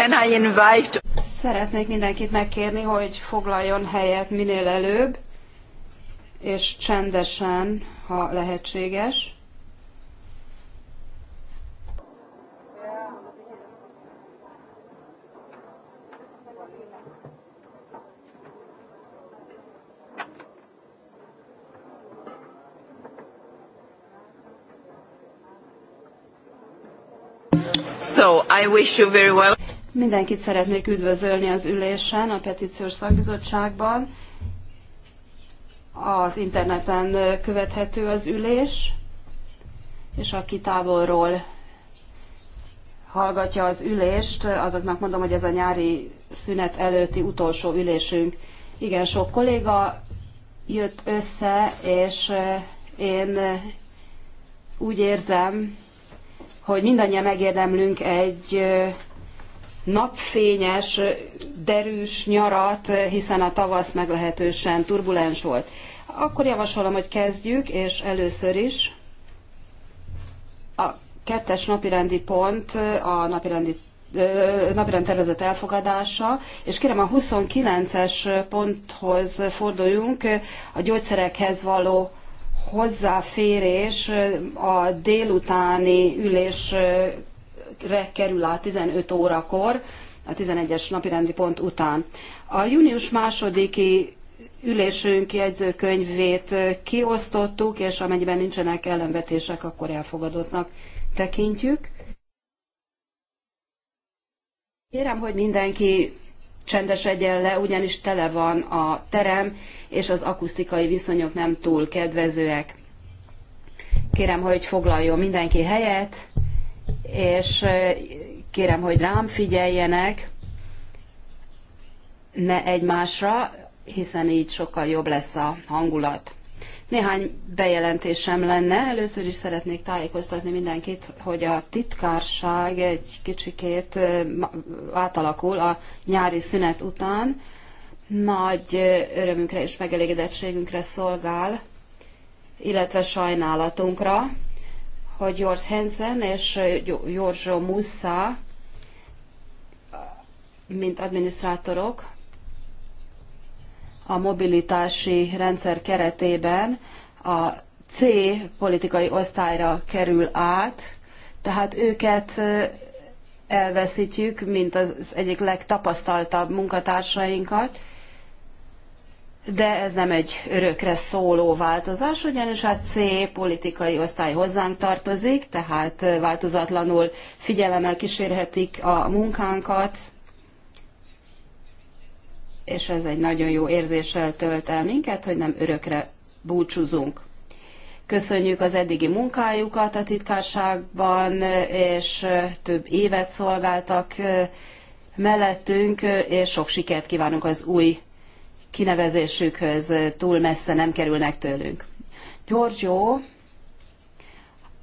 can I invite... Szeretnék mindenkit megkérni, hogy foglaljon helyet minél előbb, és csendesen, ha lehetséges. So I wish you very well. Mindenkit szeretnék üdvözölni az ülésen, a petíciós szakbizottságban. Az interneten követhető az ülés, és aki távolról hallgatja az ülést, azoknak mondom, hogy ez a nyári szünet előtti utolsó ülésünk. Igen, sok kolléga jött össze, és eh, én eh, úgy érzem, hogy mindannyian megérdemlünk egy eh, napfényes, derűs nyarat, hiszen a tavasz meglehetősen turbulens volt. Akkor javasolom, hogy kezdjük, és először is a kettes napirendi pont a napirendi napirend tervezett elfogadása, és kérem a 29-es ponthoz forduljunk, a gyógyszerekhez való hozzáférés a délutáni ülés napirendre kerül át 15 órakor, a 11-es napirendi pont után. A június másodiki ülésünk jegyzőkönyvét kiosztottuk, és amennyiben nincsenek ellenvetések, akkor elfogadottnak tekintjük. Kérem, hogy mindenki csendesedjen le, ugyanis tele van a terem, és az akusztikai viszonyok nem túl kedvezőek. Kérem, hogy foglaljon mindenki helyet és kérem, hogy rám figyeljenek, ne egymásra, hiszen így sokkal jobb lesz a hangulat. Néhány bejelentésem lenne. Először is szeretnék tájékoztatni mindenkit, hogy a titkárság egy kicsikét átalakul a nyári szünet után. Nagy örömünkre és megelégedettségünkre szolgál, illetve sajnálatunkra, hogy George Hansen és Giorgio Musa, mint adminisztrátorok, a mobilitási rendszer keretében a C politikai osztályra kerül át, tehát őket elveszítjük, mint az egyik legtapasztaltabb munkatársainkat, de ez nem egy örökre szóló változás, ugyanis a C politikai osztály hozzánk tartozik, tehát változatlanul figyelemmel kísérhetik a munkánkat, és ez egy nagyon jó érzéssel tölt el minket, hogy nem örökre búcsúzunk. Köszönjük az eddigi munkájukat a titkárságban, és több évet szolgáltak mellettünk, és sok sikert kívánunk az új kinevezésükhöz túl messze nem kerülnek tőlünk. Giorgio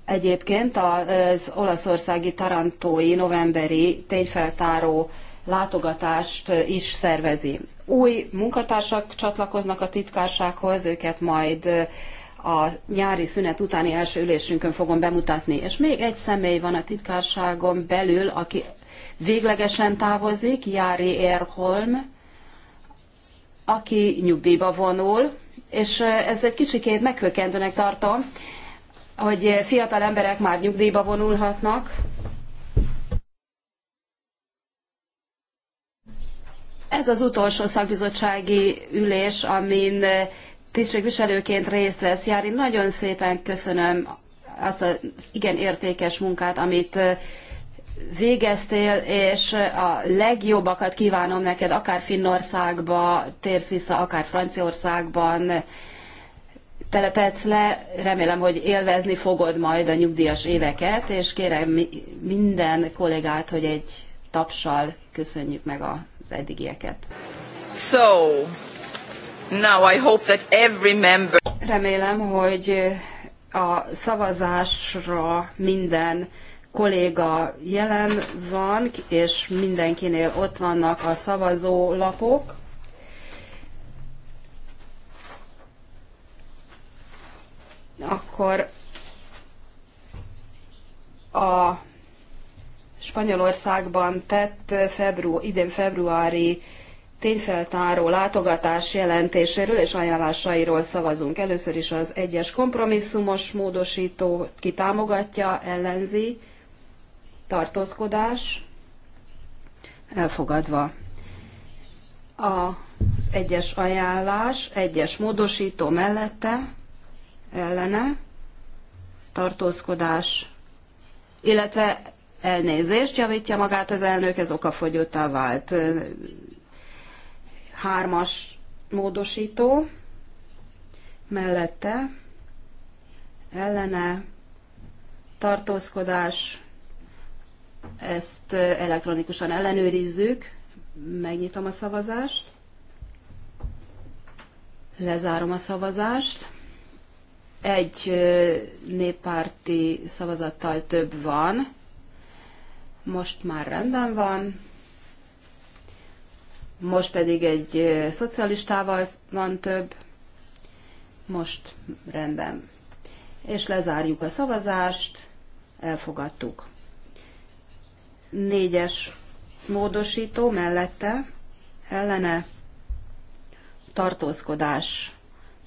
egyébként az olaszországi tarantói novemberi tényfeltáró látogatást is szervezi. Új munkatársak csatlakoznak a titkársághoz, őket majd a nyári szünet utáni első ülésünkön fogom bemutatni. És még egy személy van a titkárságon belül, aki véglegesen távozik, Jári Erholm, aki nyugdíjba vonul, és ez egy kicsikét meghökkentőnek tartom, hogy fiatal emberek már nyugdíjba vonulhatnak. Ez az utolsó szakbizottsági ülés, amin tisztségviselőként részt vesz jár. nagyon szépen köszönöm azt az igen értékes munkát, amit végeztél, és a legjobbakat kívánom neked, akár Finnországba térsz vissza, akár Franciaországban telepedsz le, remélem, hogy élvezni fogod majd a nyugdíjas éveket, és kérem minden kollégát, hogy egy tapsal köszönjük meg az eddigieket. So, now I hope that every member... Remélem, hogy a szavazásra minden kolléga jelen van, és mindenkinél ott vannak a szavazólapok. Akkor a Spanyolországban tett február, idén februári tényfeltáró látogatás jelentéséről és ajánlásairól szavazunk. Először is az egyes kompromisszumos módosító kitámogatja, ellenzi, tartózkodás elfogadva. Az egyes ajánlás, egyes módosító mellette, ellene, tartózkodás, illetve elnézést javítja magát az elnök, ez okafogyottá vált. Hármas módosító, mellette, ellene, tartózkodás, ezt elektronikusan ellenőrizzük. Megnyitom a szavazást. Lezárom a szavazást. Egy néppárti szavazattal több van. Most már rendben van. Most pedig egy szocialistával van több. Most rendben. És lezárjuk a szavazást. Elfogadtuk négyes módosító mellette ellene tartózkodás.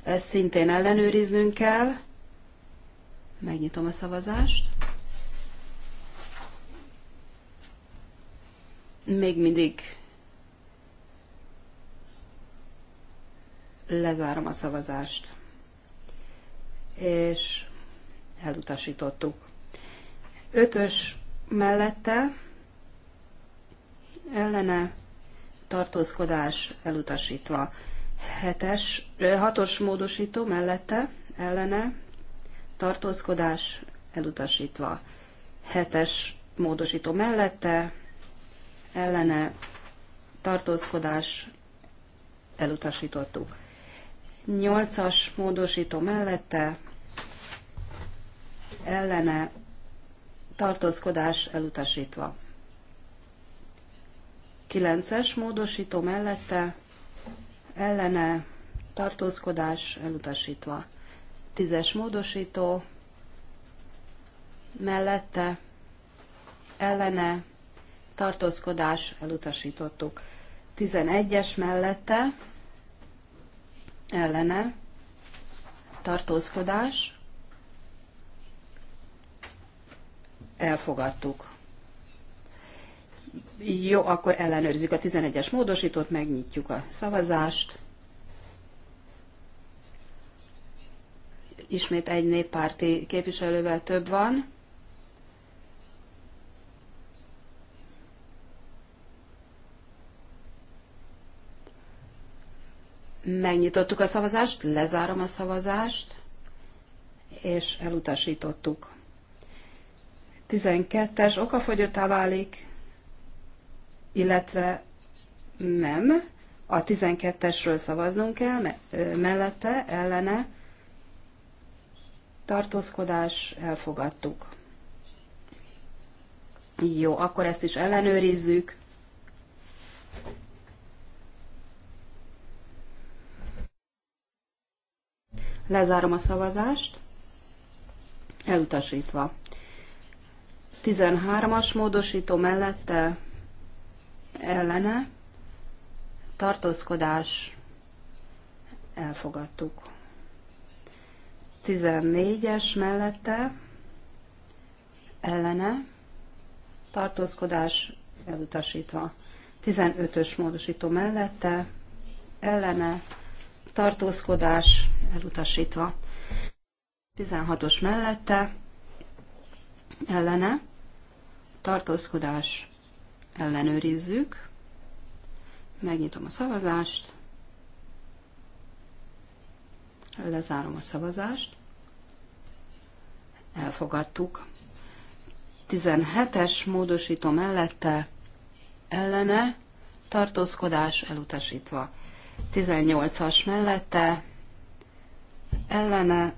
Ezt szintén ellenőriznünk kell. Megnyitom a szavazást. Még mindig lezárom a szavazást. És elutasítottuk. Ötös mellette ellene tartózkodás elutasítva. Hetes, hatos módosító mellette ellene tartózkodás elutasítva. Hetes módosító mellette ellene tartózkodás elutasítottuk. Nyolcas módosító mellette ellene tartózkodás elutasítva. 9-es módosító mellette ellene tartózkodás elutasítva. 10-es módosító mellette ellene tartózkodás elutasítottuk. 11-es mellette ellene tartózkodás elfogadtuk. Jó, akkor ellenőrzzük a 11-es módosítót, megnyitjuk a szavazást. Ismét egy néppárti képviselővel több van. Megnyitottuk a szavazást, lezárom a szavazást, és elutasítottuk. 12-es okafogyottá válik, illetve nem. A 12-esről szavaznunk kell, mellette, ellene, tartózkodás, elfogadtuk. Jó, akkor ezt is ellenőrizzük. Lezárom a szavazást. Elutasítva. 13-as módosító mellette ellene tartózkodás elfogadtuk. 14-es mellette ellene tartózkodás elutasítva. 15-ös módosító mellette ellene tartózkodás elutasítva. 16-os mellette ellene tartózkodás ellenőrizzük. Megnyitom a szavazást. Lezárom a szavazást. Elfogadtuk. 17-es módosító mellette ellene tartózkodás elutasítva. 18-as mellette ellene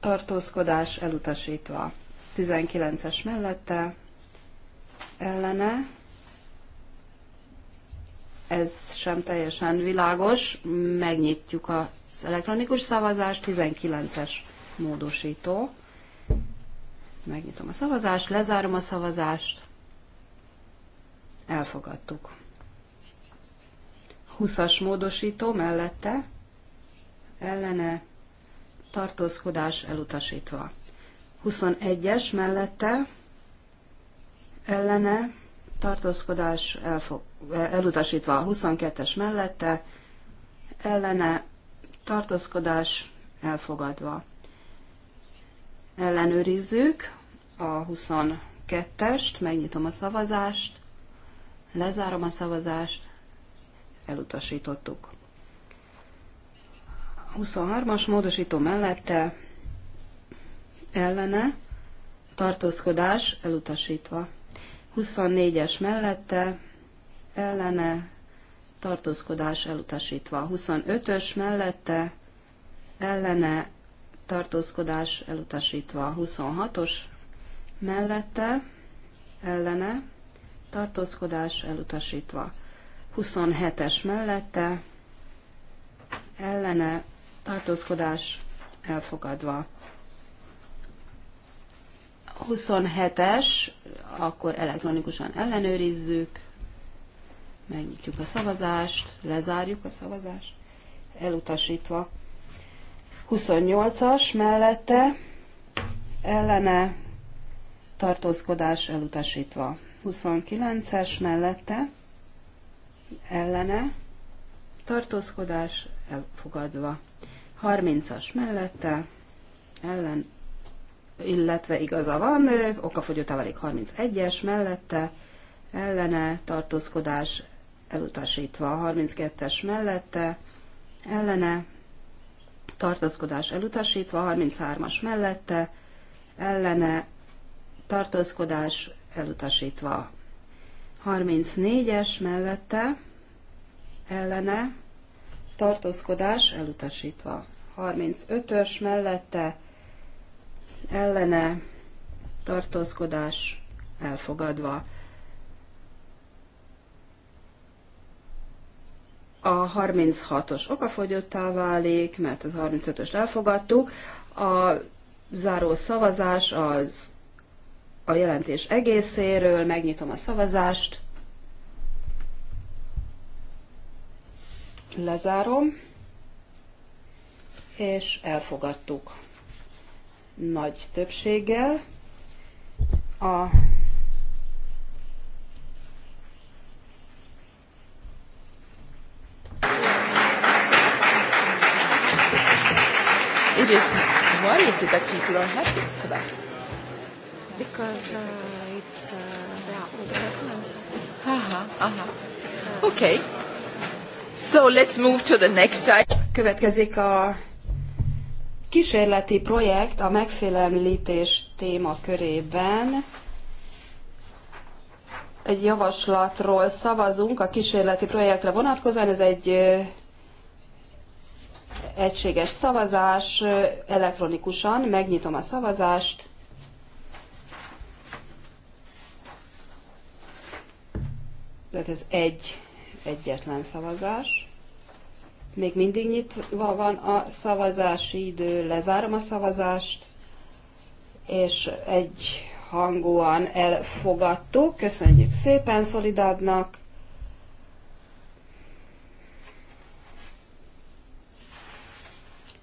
tartózkodás elutasítva. 19-es mellette ellene. Ez sem teljesen világos. Megnyitjuk az elektronikus szavazást. 19-es módosító. Megnyitom a szavazást, lezárom a szavazást. Elfogadtuk. 20-as módosító mellette ellene tartózkodás elutasítva. 21-es mellette ellene, tartózkodás elfog, elutasítva a 22-es mellette, ellene, tartózkodás elfogadva. Ellenőrizzük a 22-est, megnyitom a szavazást, lezárom a szavazást, elutasítottuk. 23-as módosító mellette ellene tartózkodás elutasítva. 24-es mellette ellene tartózkodás elutasítva. 25-ös mellette ellene tartózkodás elutasítva. 26-os mellette ellene tartózkodás elutasítva. 27-es mellette ellene tartózkodás elfogadva. 27-es, akkor elektronikusan ellenőrizzük, megnyitjuk a szavazást, lezárjuk a szavazást, elutasítva. 28-as mellette ellene tartózkodás elutasítva. 29-es mellette ellene tartózkodás elfogadva. 30-as mellette ellen illetve igaza van, okafogyó válik 31-es, mellette ellene tartózkodás elutasítva, 32-es mellette ellene tartózkodás elutasítva, 33-as mellette ellene tartózkodás elutasítva, 34-es mellette ellene tartózkodás elutasítva, 35-ös mellette ellene tartózkodás elfogadva. A 36-os okafogyottá válik, mert az 35-öst elfogadtuk. A záró szavazás az a jelentés egészéről, megnyitom a szavazást. Lezárom, és elfogadtuk nagy többséggel. A It is why is it that people are happy for that? Because uh, it's uh, they are all Europeans. Aha, aha. Okay. So let's move to the next item. Következik a kísérleti projekt a megfélemlítés témakörében. Egy javaslatról szavazunk a kísérleti projektre vonatkozóan. Ez egy egységes szavazás, elektronikusan megnyitom a szavazást. Tehát ez egy egyetlen szavazás. Még mindig nyitva van a szavazási idő, lezárom a szavazást, és egy hangúan elfogadtuk. Köszönjük szépen Szolidádnak!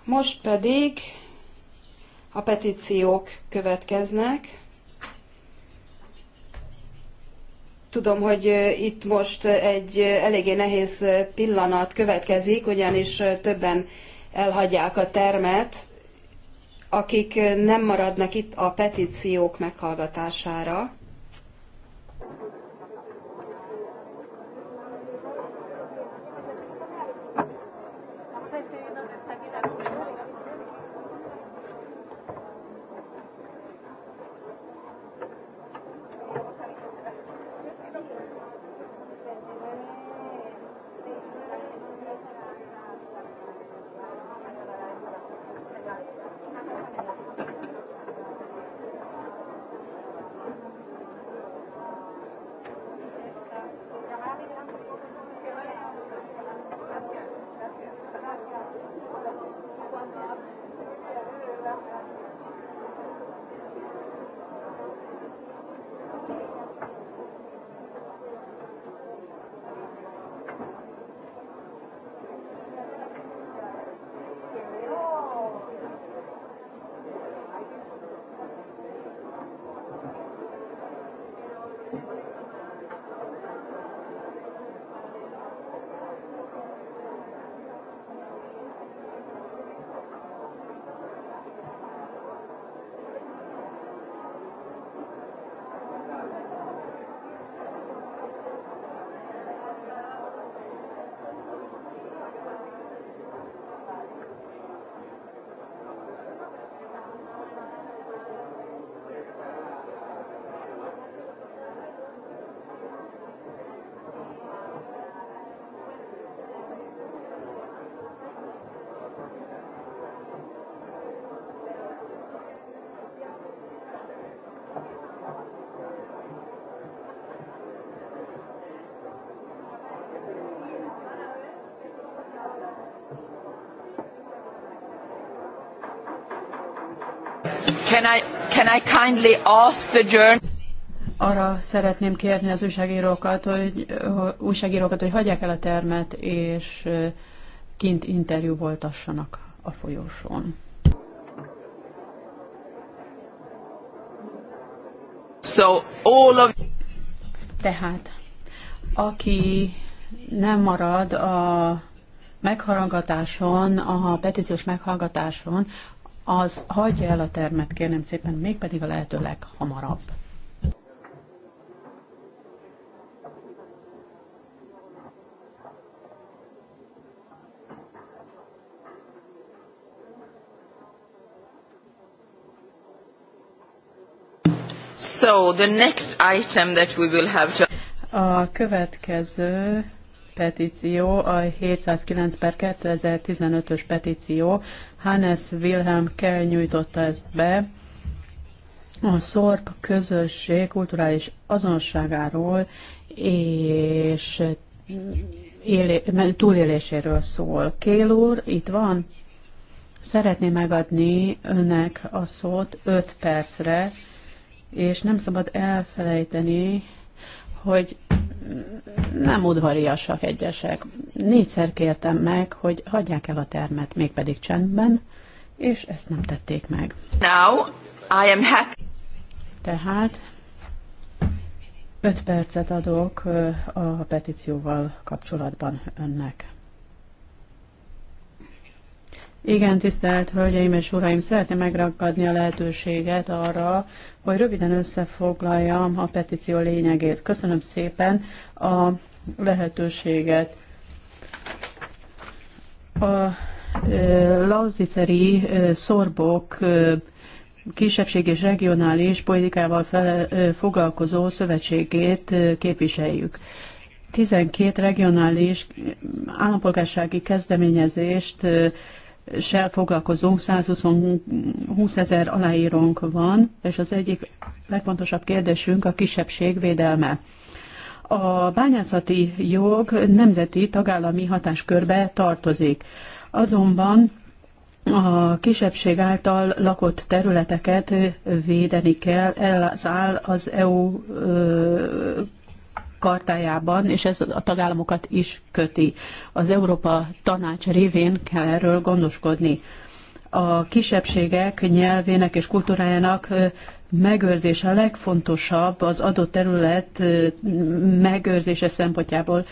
Most pedig a petíciók következnek. Tudom, hogy itt most egy eléggé nehéz pillanat következik, ugyanis többen elhagyják a termet, akik nem maradnak itt a petíciók meghallgatására. Can I, can I kindly ask the journal? Arra szeretném kérni az újságírókat, hogy, újságírókat, hogy hagyják el a termet, és kint interjú voltassanak a folyosón. So all of... Tehát, aki nem marad a meghallgatáson, a petíciós meghallgatáson, az hagyja el a termet, kérném szépen, mégpedig a lehető leghamarabb. So the next item that we will have to... A következő petíció, a 709 per 2015-ös petíció. Hannes Wilhelm Kell nyújtotta ezt be a szorp közösség kulturális azonosságáról és élé, túléléséről szól. Kél úr, itt van? Szeretném megadni önnek a szót 5 percre, és nem szabad elfelejteni, hogy nem udvariasak egyesek. Négyszer kértem meg, hogy hagyják el a termet, mégpedig csendben, és ezt nem tették meg. Now I am happy. Tehát öt percet adok a petícióval kapcsolatban önnek. Igen, tisztelt Hölgyeim és Uraim, szeretném megragadni a lehetőséget arra, hogy röviden összefoglaljam a petíció lényegét. Köszönöm szépen a lehetőséget. A lauziceri szorbok kisebbség és regionális politikával fele, foglalkozó szövetségét képviseljük. 12 regionális állampolgársági kezdeményezést sel foglalkozó 120 ezer aláírónk van, és az egyik legfontosabb kérdésünk a kisebbség védelme. A bányászati jog nemzeti tagállami hatáskörbe tartozik. Azonban a kisebbség által lakott területeket védeni kell, ez áll az EU kartájában, és ez a tagállamokat is köti. Az Európa Tanács révén kell erről gondoskodni. A kisebbségek nyelvének és kultúrájának megőrzése a legfontosabb az adott terület megőrzése szempontjából.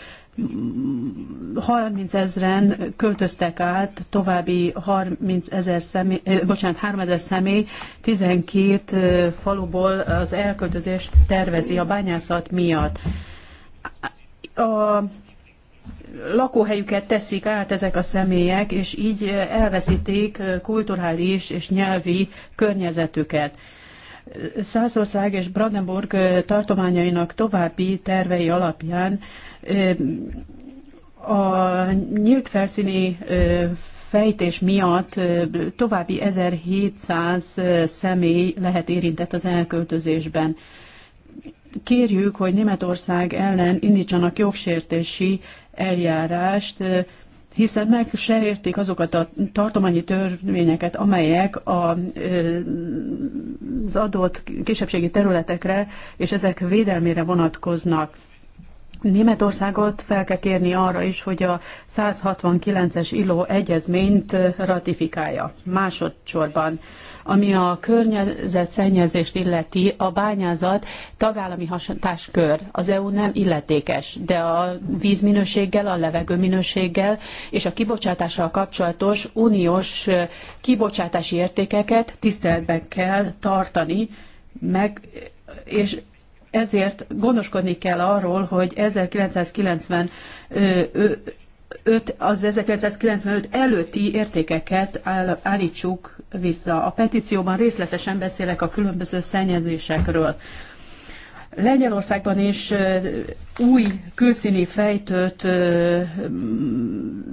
30 ezeren költöztek át, további 30 ezer személy, bocsánat, 3 ezer személy 12 faluból az elköltözést tervezi a bányászat miatt a lakóhelyüket teszik át ezek a személyek, és így elveszítik kulturális és nyelvi környezetüket. Szászország és Brandenburg tartományainak további tervei alapján eh, a nyílt felszíni eh, fejtés miatt eh, további 1700 személy lehet érintett az elköltözésben kérjük, hogy Németország ellen indítsanak jogsértési eljárást, hiszen megsértik azokat a tartományi törvényeket, amelyek a, az adott kisebbségi területekre és ezek védelmére vonatkoznak. Németországot fel kell kérni arra is, hogy a 169-es ILO egyezményt ratifikálja. Másodszorban ami a környezetszennyezést illeti, a bányázat tagállami hatáskör. Az EU nem illetékes, de a vízminőséggel, a levegő minőséggel és a kibocsátással kapcsolatos uniós kibocsátási értékeket tiszteletben kell tartani, meg, és ezért gondoskodni kell arról, hogy 1990 5, az 1995 előtti értékeket áll, állítsuk vissza. A petícióban részletesen beszélek a különböző szennyezésekről. Lengyelországban is új külszíni fejtőt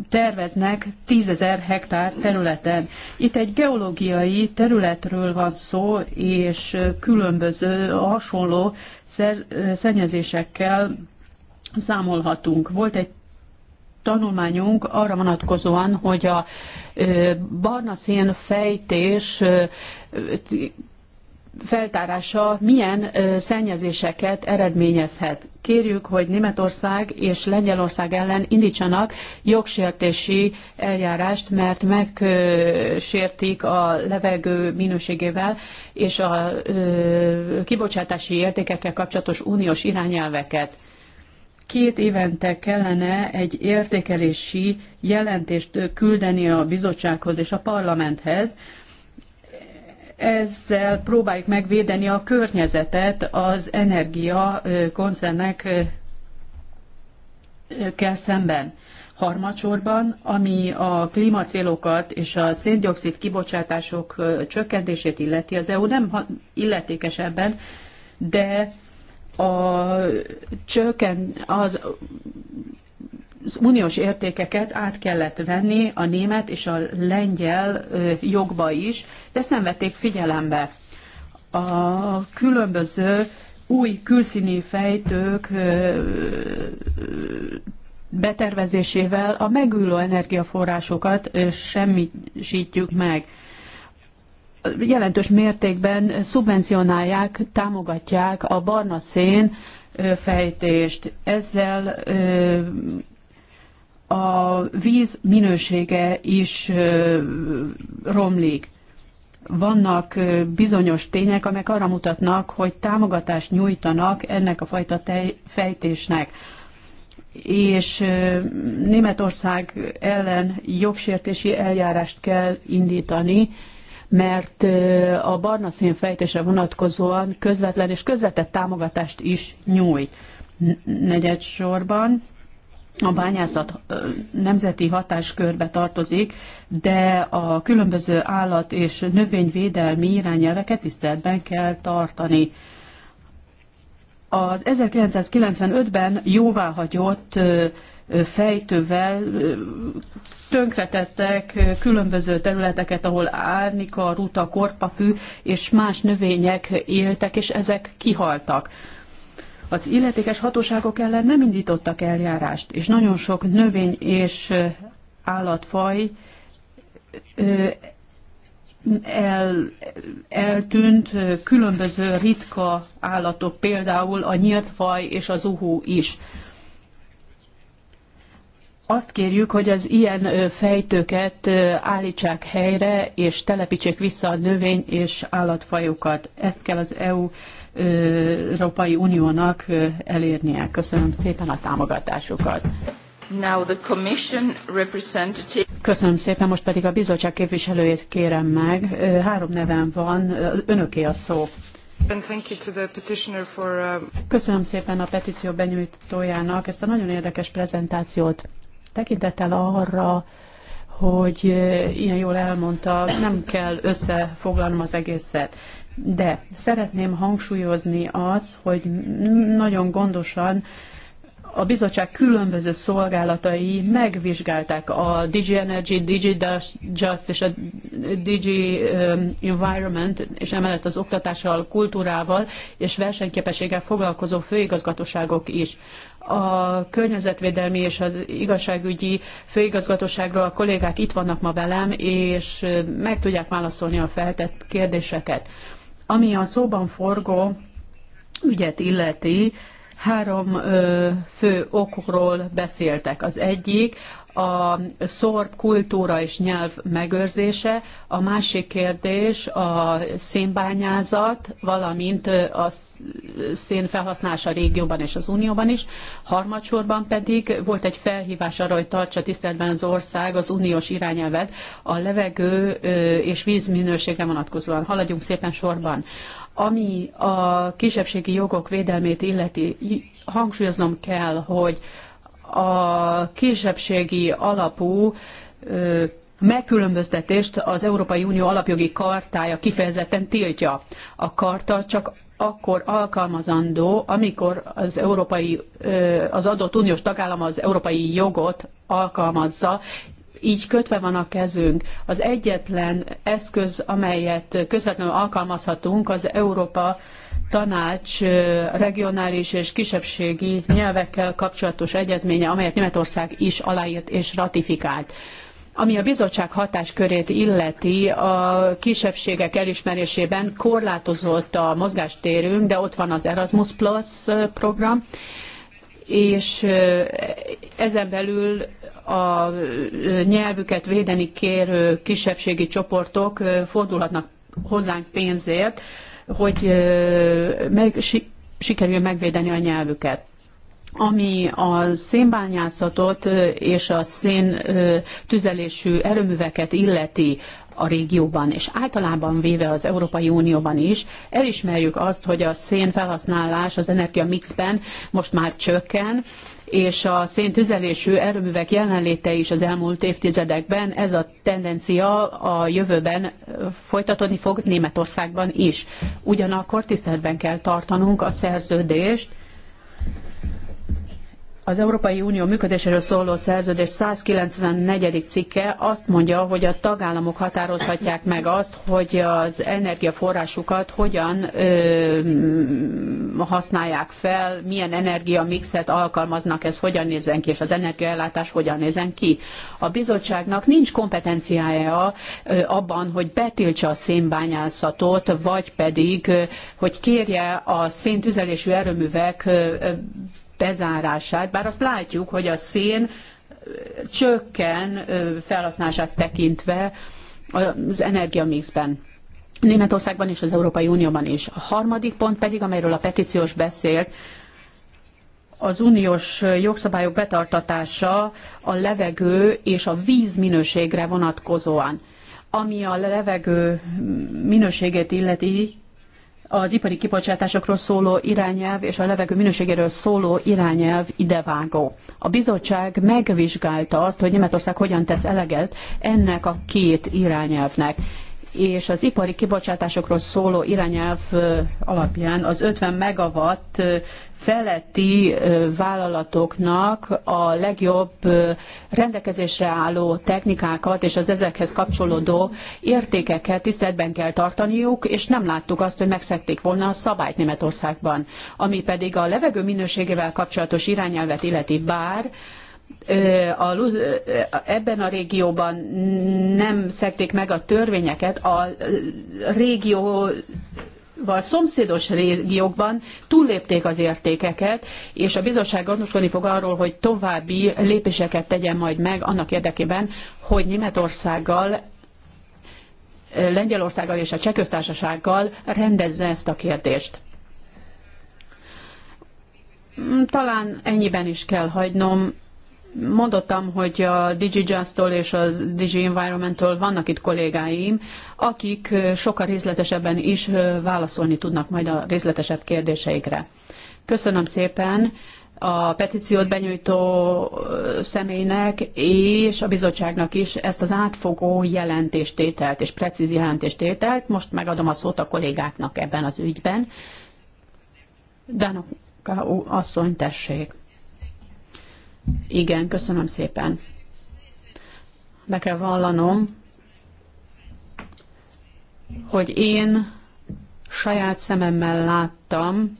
terveznek 10.000 hektár területen. Itt egy geológiai területről van szó, és különböző hasonló szennyezésekkel számolhatunk. Volt egy tanulmányunk arra vonatkozóan, hogy a barna szén fejtés feltárása milyen szennyezéseket eredményezhet. Kérjük, hogy Németország és Lengyelország ellen indítsanak jogsértési eljárást, mert megsértik a levegő minőségével és a kibocsátási értékekkel kapcsolatos uniós irányelveket két évente kellene egy értékelési jelentést küldeni a bizottsághoz és a parlamenthez. Ezzel próbáljuk megvédeni a környezetet az energia koncernekkel szemben. Harmadsorban, ami a klímacélokat és a széndiokszid kibocsátások csökkentését illeti, az EU nem illetékes ebben, de a csökken, az, az uniós értékeket át kellett venni a német és a lengyel jogba is, de ezt nem vették figyelembe. A különböző új külszíni fejtők betervezésével a megülő energiaforrásokat semmisítjük meg jelentős mértékben szubvencionálják, támogatják a barna szén fejtést. Ezzel a víz minősége is romlik. Vannak bizonyos tények, amelyek arra mutatnak, hogy támogatást nyújtanak ennek a fajta fejtésnek. És Németország ellen jogsértési eljárást kell indítani, mert a barna szín fejtésre vonatkozóan közvetlen és közvetett támogatást is nyújt. Negyedsorban sorban a bányászat nemzeti hatáskörbe tartozik, de a különböző állat és növényvédelmi irányelveket tiszteletben kell tartani. Az 1995-ben jóváhagyott fejtővel tönkretettek különböző területeket, ahol árnika, ruta, korpafű és más növények éltek, és ezek kihaltak. Az illetékes hatóságok ellen nem indítottak eljárást, és nagyon sok növény és állatfaj el, eltűnt különböző ritka állatok, például a nyíltfaj és az uhó is azt kérjük, hogy az ilyen fejtőket állítsák helyre, és telepítsék vissza a növény és állatfajokat. Ezt kell az EU Európai Uniónak elérnie. Köszönöm szépen a támogatásukat. Now the commission representative. Köszönöm szépen, most pedig a bizottság képviselőjét kérem meg. Három nevem van, önöké a szó. Uh, Köszönöm szépen a petíció benyújtójának ezt a nagyon érdekes prezentációt. Tekintettel arra, hogy ilyen jól elmondta, nem kell összefoglalnom az egészet. De szeretném hangsúlyozni az, hogy nagyon gondosan a bizottság különböző szolgálatai megvizsgálták a Digi Energy, Digi Just és a Digi Environment, és emellett az oktatással, kultúrával és versenyképességgel foglalkozó főigazgatóságok is a környezetvédelmi és az igazságügyi főigazgatóságról a kollégák itt vannak ma velem, és meg tudják válaszolni a feltett kérdéseket. Ami a szóban forgó ügyet illeti, három ö, fő okról beszéltek. Az egyik a szorb kultúra és nyelv megőrzése, a másik kérdés a szénbányázat, valamint a szén felhasználása a régióban és az unióban is, harmadsorban pedig volt egy felhívás arra, hogy tartsa tiszteletben az ország az uniós irányelvet a levegő és vízminőségre vonatkozóan. Haladjunk szépen sorban. Ami a kisebbségi jogok védelmét illeti, hangsúlyoznom kell, hogy a kisebbségi alapú megkülönböztetést az Európai Unió alapjogi kartája kifejezetten tiltja. A karta csak akkor alkalmazandó, amikor az, európai, az adott uniós tagállam az európai jogot alkalmazza, így kötve van a kezünk. Az egyetlen eszköz, amelyet közvetlenül alkalmazhatunk, az Európa tanács regionális és kisebbségi nyelvekkel kapcsolatos egyezménye, amelyet Németország is aláírt és ratifikált. Ami a bizottság hatáskörét illeti, a kisebbségek elismerésében korlátozott a mozgástérünk, de ott van az Erasmus Plus program, és ezen belül a nyelvüket védeni kérő kisebbségi csoportok fordulhatnak hozzánk pénzért, hogy meg, sikerül megvédeni a nyelvüket ami a szénbányászatot és a szén tüzelésű erőműveket illeti a régióban, és általában véve az Európai Unióban is, elismerjük azt, hogy a szén felhasználás az energia mixben most már csökken, és a széntüzelésű erőművek jelenléte is az elmúlt évtizedekben, ez a tendencia a jövőben folytatódni fog Németországban is. Ugyanakkor tiszteletben kell tartanunk a szerződést, az Európai Unió működéséről szóló szerződés 194. cikke azt mondja, hogy a tagállamok határozhatják meg azt, hogy az energiaforrásukat hogyan ö, használják fel, milyen energiamixet alkalmaznak, ez hogyan nézzen ki, és az energiaellátás hogyan nézzen ki. A bizottságnak nincs kompetenciája ö, abban, hogy betiltsa a szénbányászatot, vagy pedig, ö, hogy kérje a széntüzelésű erőművek ö, bezárását, bár azt látjuk, hogy a szén csökken felhasználását tekintve az energiamixben. Németországban és az Európai Unióban is. A harmadik pont pedig, amelyről a petíciós beszélt, az uniós jogszabályok betartatása a levegő és a víz minőségre vonatkozóan. Ami a levegő minőségét illeti, az ipari kibocsátásokról szóló irányelv és a levegő minőségéről szóló irányelv idevágó. A bizottság megvizsgálta azt, hogy Németország hogyan tesz eleget ennek a két irányelvnek, és az ipari kibocsátásokról szóló irányelv alapján az 50 megawatt feletti vállalatoknak a legjobb rendelkezésre álló technikákat és az ezekhez kapcsolódó értékeket tiszteletben kell tartaniuk, és nem láttuk azt, hogy megszekték volna a szabályt Németországban. Ami pedig a levegő minőségével kapcsolatos irányelvet illeti bár, a, ebben a régióban nem szekték meg a törvényeket, a régió vagy szomszédos régiókban túllépték az értékeket, és a bizottság gondoskodni fog arról, hogy további lépéseket tegyen majd meg annak érdekében, hogy Németországgal, Lengyelországgal és a Csehköztársasággal rendezze ezt a kérdést. Talán ennyiben is kell hagynom Mondottam, hogy a DigiJust-tól és a Digi Environment-től vannak itt kollégáim, akik sokkal részletesebben is válaszolni tudnak majd a részletesebb kérdéseikre. Köszönöm szépen a petíciót benyújtó személynek és a bizottságnak is ezt az átfogó jelentéstételt és precíz jelentéstételt. Most megadom a szót a kollégáknak ebben az ügyben. Danuka asszony, tessék. Igen, köszönöm szépen. Be kell vallanom, hogy én saját szememmel láttam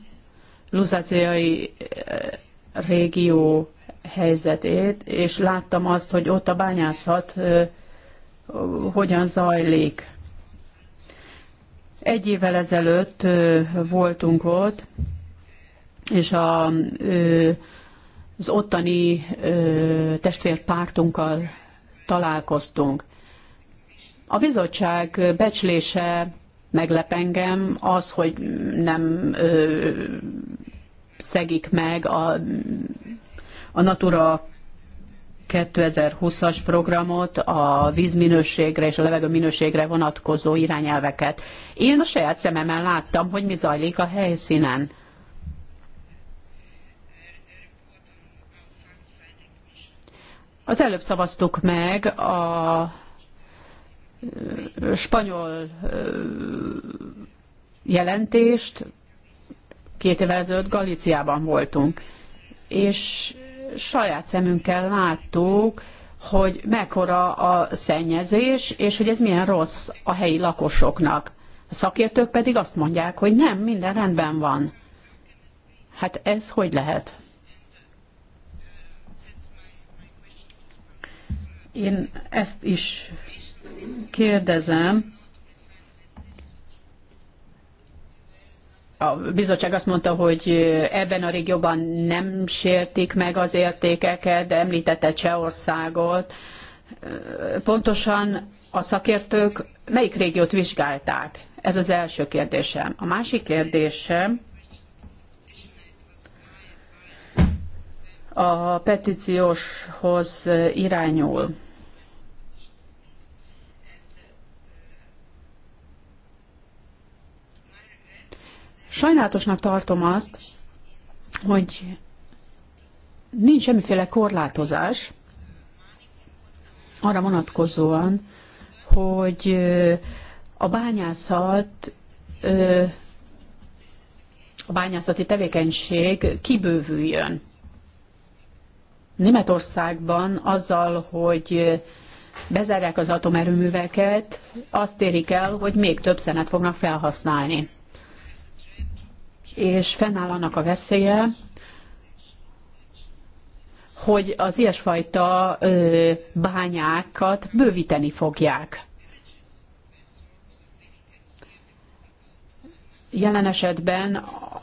luzáciai eh, régió helyzetét, és láttam azt, hogy ott a bányászat eh, hogyan zajlik. Egy évvel ezelőtt eh, voltunk ott, és a az ottani ö, testvérpártunkkal találkoztunk. A bizottság becslése meglep engem, az, hogy nem ö, szegik meg a, a Natura 2020-as programot, a vízminőségre és a levegő minőségre vonatkozó irányelveket. Én a saját szememmel láttam, hogy mi zajlik a helyszínen. Az előbb szavaztuk meg a spanyol jelentést, két évvel ezelőtt Galíciában voltunk, és saját szemünkkel láttuk, hogy mekkora a szennyezés, és hogy ez milyen rossz a helyi lakosoknak. A szakértők pedig azt mondják, hogy nem, minden rendben van. Hát ez hogy lehet? Én ezt is kérdezem. A bizottság azt mondta, hogy ebben a régióban nem sértik meg az értékeket, de említette Csehországot. Pontosan a szakértők melyik régiót vizsgálták? Ez az első kérdésem. A másik kérdésem a petícióshoz irányul. Sajnálatosnak tartom azt, hogy nincs semmiféle korlátozás arra vonatkozóan, hogy a bányászat a bányászati tevékenység kibővüljön. Németországban azzal, hogy bezárják az atomerőműveket, azt érik el, hogy még több szenet fognak felhasználni és fennáll annak a veszélye, hogy az ilyesfajta bányákat bővíteni fogják. Jelen esetben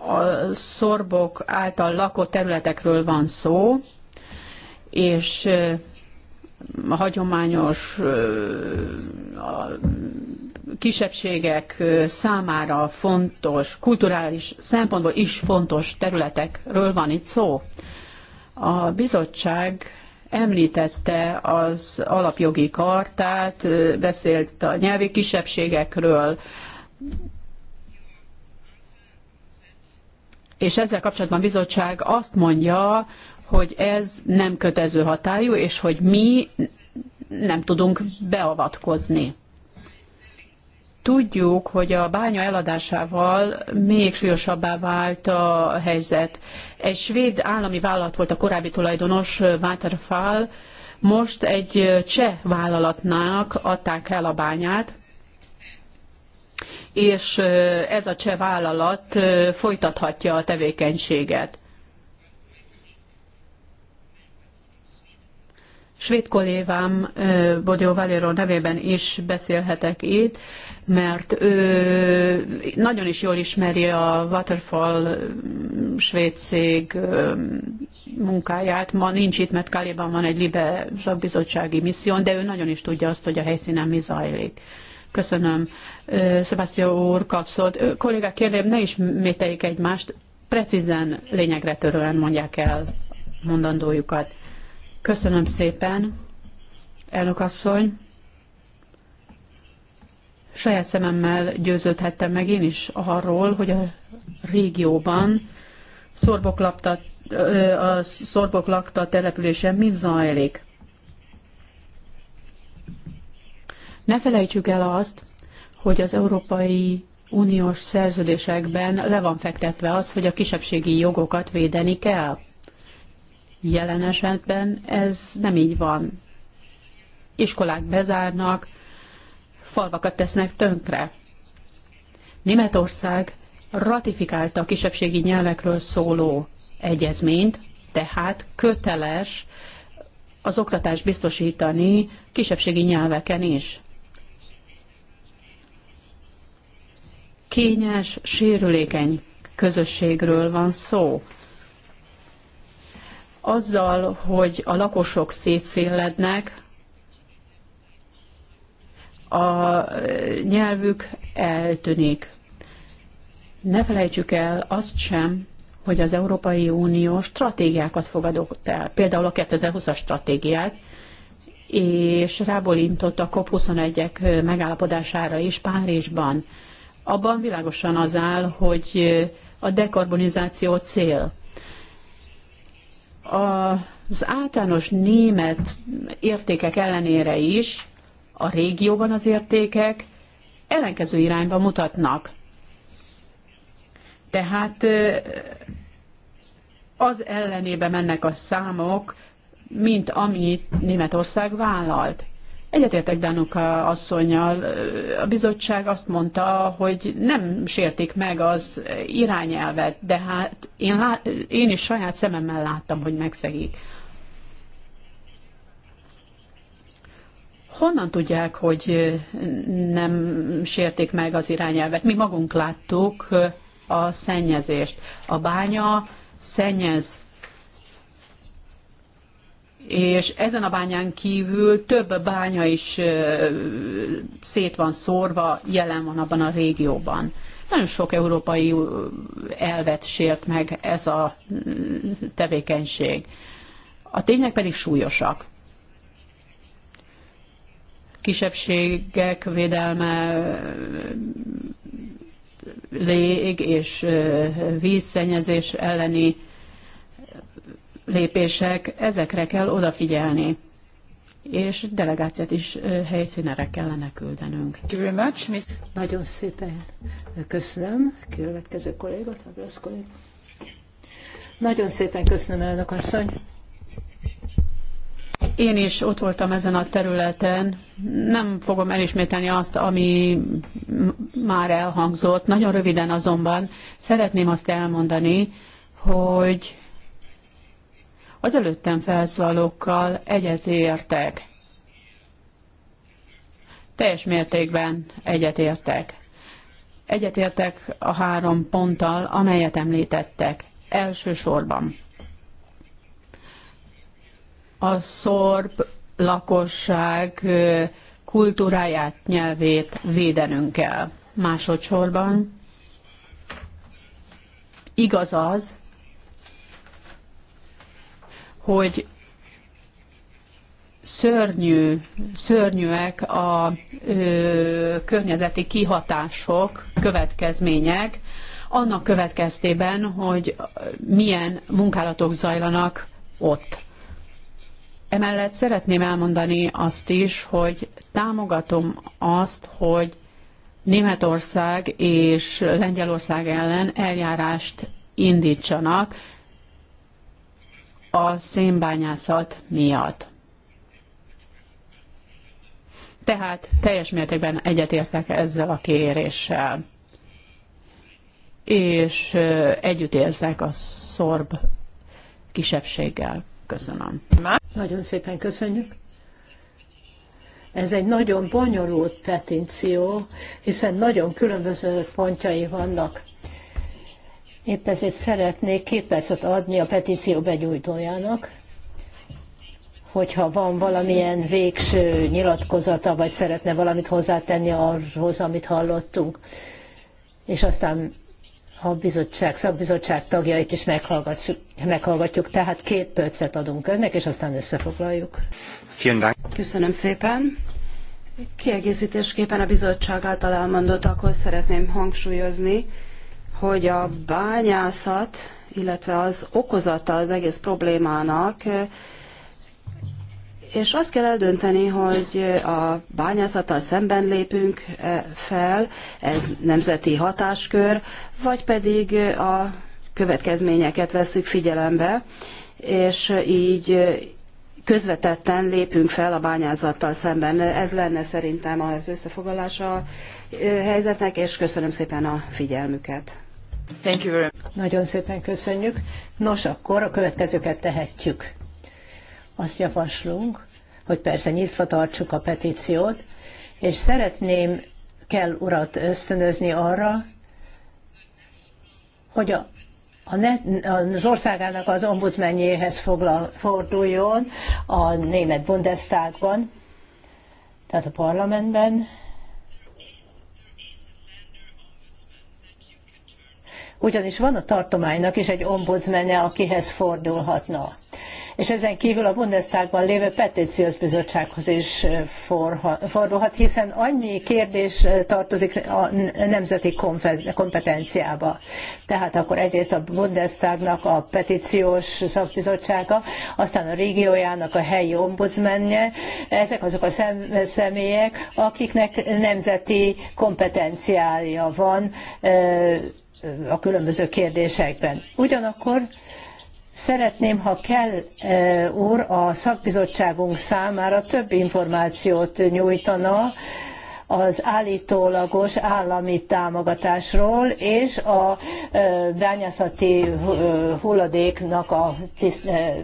a szorbok által lakott területekről van szó, és a hagyományos a kisebbségek számára fontos, kulturális szempontból is fontos területekről van itt szó. A bizottság említette az alapjogi kartát, beszélt a nyelvi kisebbségekről, és ezzel kapcsolatban a bizottság azt mondja, hogy ez nem kötező hatályú, és hogy mi nem tudunk beavatkozni. Tudjuk, hogy a bánya eladásával még súlyosabbá vált a helyzet. Egy svéd állami vállalat volt a korábbi tulajdonos, Waterfall, most egy cseh vállalatnak adták el a bányát, és ez a cseh vállalat folytathatja a tevékenységet. svéd kollégám Bodjó Valero nevében is beszélhetek itt, mert ő nagyon is jól ismeri a Waterfall svéd cég munkáját. Ma nincs itt, mert Kaléban van egy Libe szakbizottsági misszió, de ő nagyon is tudja azt, hogy a helyszínen mi zajlik. Köszönöm. Sebastian úr kapszolt. Kollégák, kérném, ne is ismételjék egymást, precízen, lényegre törően mondják el mondandójukat. Köszönöm szépen, elnök asszony. Saját szememmel győződhettem meg én is arról, hogy a régióban lakta a lakta települése mi zajlik. Ne felejtsük el azt, hogy az Európai Uniós szerződésekben le van fektetve az, hogy a kisebbségi jogokat védeni kell. Jelen esetben ez nem így van. Iskolák bezárnak, falvakat tesznek tönkre. Németország ratifikálta a kisebbségi nyelvekről szóló egyezményt, tehát köteles az oktatást biztosítani kisebbségi nyelveken is. Kényes, sérülékeny közösségről van szó azzal, hogy a lakosok szétszélednek, a nyelvük eltűnik. Ne felejtsük el azt sem, hogy az Európai Unió stratégiákat fogadott el, például a 2020-as stratégiát, és rábólintott a COP21-ek megállapodására is Párizsban. Abban világosan az áll, hogy a dekarbonizáció cél az általános német értékek ellenére is a régióban az értékek ellenkező irányba mutatnak. Tehát az ellenébe mennek a számok, mint amit Németország vállalt. Egyetértek Dánuka asszonynal. A bizottság azt mondta, hogy nem sértik meg az irányelvet, de hát én, lá- én is saját szememmel láttam, hogy megszegik. Honnan tudják, hogy nem sértik meg az irányelvet? Mi magunk láttuk a szennyezést. A bánya szennyez és ezen a bányán kívül több bánya is szét van szórva, jelen van abban a régióban. Nagyon sok európai elvet sért meg ez a tevékenység. A tények pedig súlyosak. Kisebbségek védelme, lég és vízszennyezés elleni lépések, ezekre kell odafigyelni és delegáciát is helyszínere kellene küldenünk. Nagyon szépen köszönöm. Következő kolléga, Fabrasz kolléga. Nagyon szépen köszönöm, elnök asszony. Én is ott voltam ezen a területen. Nem fogom elismételni azt, ami már elhangzott. Nagyon röviden azonban szeretném azt elmondani, hogy az előttem felszólalókkal egyetértek. Teljes mértékben egyetértek. Egyetértek a három ponttal, amelyet említettek. Elsősorban a szorb lakosság kultúráját, nyelvét védenünk kell. Másodszorban igaz az, hogy szörnyű, szörnyűek a ö, környezeti kihatások, következmények, annak következtében, hogy milyen munkálatok zajlanak ott. Emellett szeretném elmondani azt is, hogy támogatom azt, hogy Németország és Lengyelország ellen eljárást indítsanak, a szénbányászat miatt. Tehát teljes mértékben egyetértek ezzel a kéréssel, és érzek a szorb kisebbséggel. Köszönöm. Nagyon szépen köszönjük. Ez egy nagyon bonyolult petíció, hiszen nagyon különböző pontjai vannak. Épp ezért szeretnék két percet adni a petíció begyújtójának, hogyha van valamilyen végső nyilatkozata, vagy szeretne valamit hozzátenni ahhoz, amit hallottunk. És aztán a bizottság, szakbizottság tagjait is meghallgatjuk, meghallgatjuk. Tehát két percet adunk önnek, és aztán összefoglaljuk. Köszönöm szépen. Kiegészítésképpen a bizottság által elmondottakhoz szeretném hangsúlyozni, hogy a bányászat, illetve az okozata az egész problémának, és azt kell eldönteni, hogy a bányászattal szemben lépünk e, fel, ez nemzeti hatáskör, vagy pedig a következményeket vesszük figyelembe, és így közvetetten lépünk fel a bányászattal szemben. Ez lenne szerintem az összefoglalása e, helyzetnek, és köszönöm szépen a figyelmüket. Thank you very much. Nagyon szépen köszönjük. Nos, akkor a következőket tehetjük. Azt javaslunk, hogy persze nyitva tartsuk a petíciót, és szeretném kell urat ösztönözni arra, hogy a, a net, az országának az ombudsmenjéhez forduljon a német Bundestagban, tehát a parlamentben, ugyanis van a tartománynak is egy ombudsmene, akihez fordulhatna. És ezen kívül a Bundestagban lévő petíciós bizottsághoz is fordulhat, hiszen annyi kérdés tartozik a nemzeti kompetenciába. Tehát akkor egyrészt a Bundestagnak a petíciós szakbizottsága, aztán a régiójának a helyi ombudsmenje, ezek azok a személyek, akiknek nemzeti kompetenciája van a különböző kérdésekben. Ugyanakkor Szeretném, ha kell e, úr a szakbizottságunk számára több információt nyújtana az állítólagos állami támogatásról és a bányászati hulladéknak a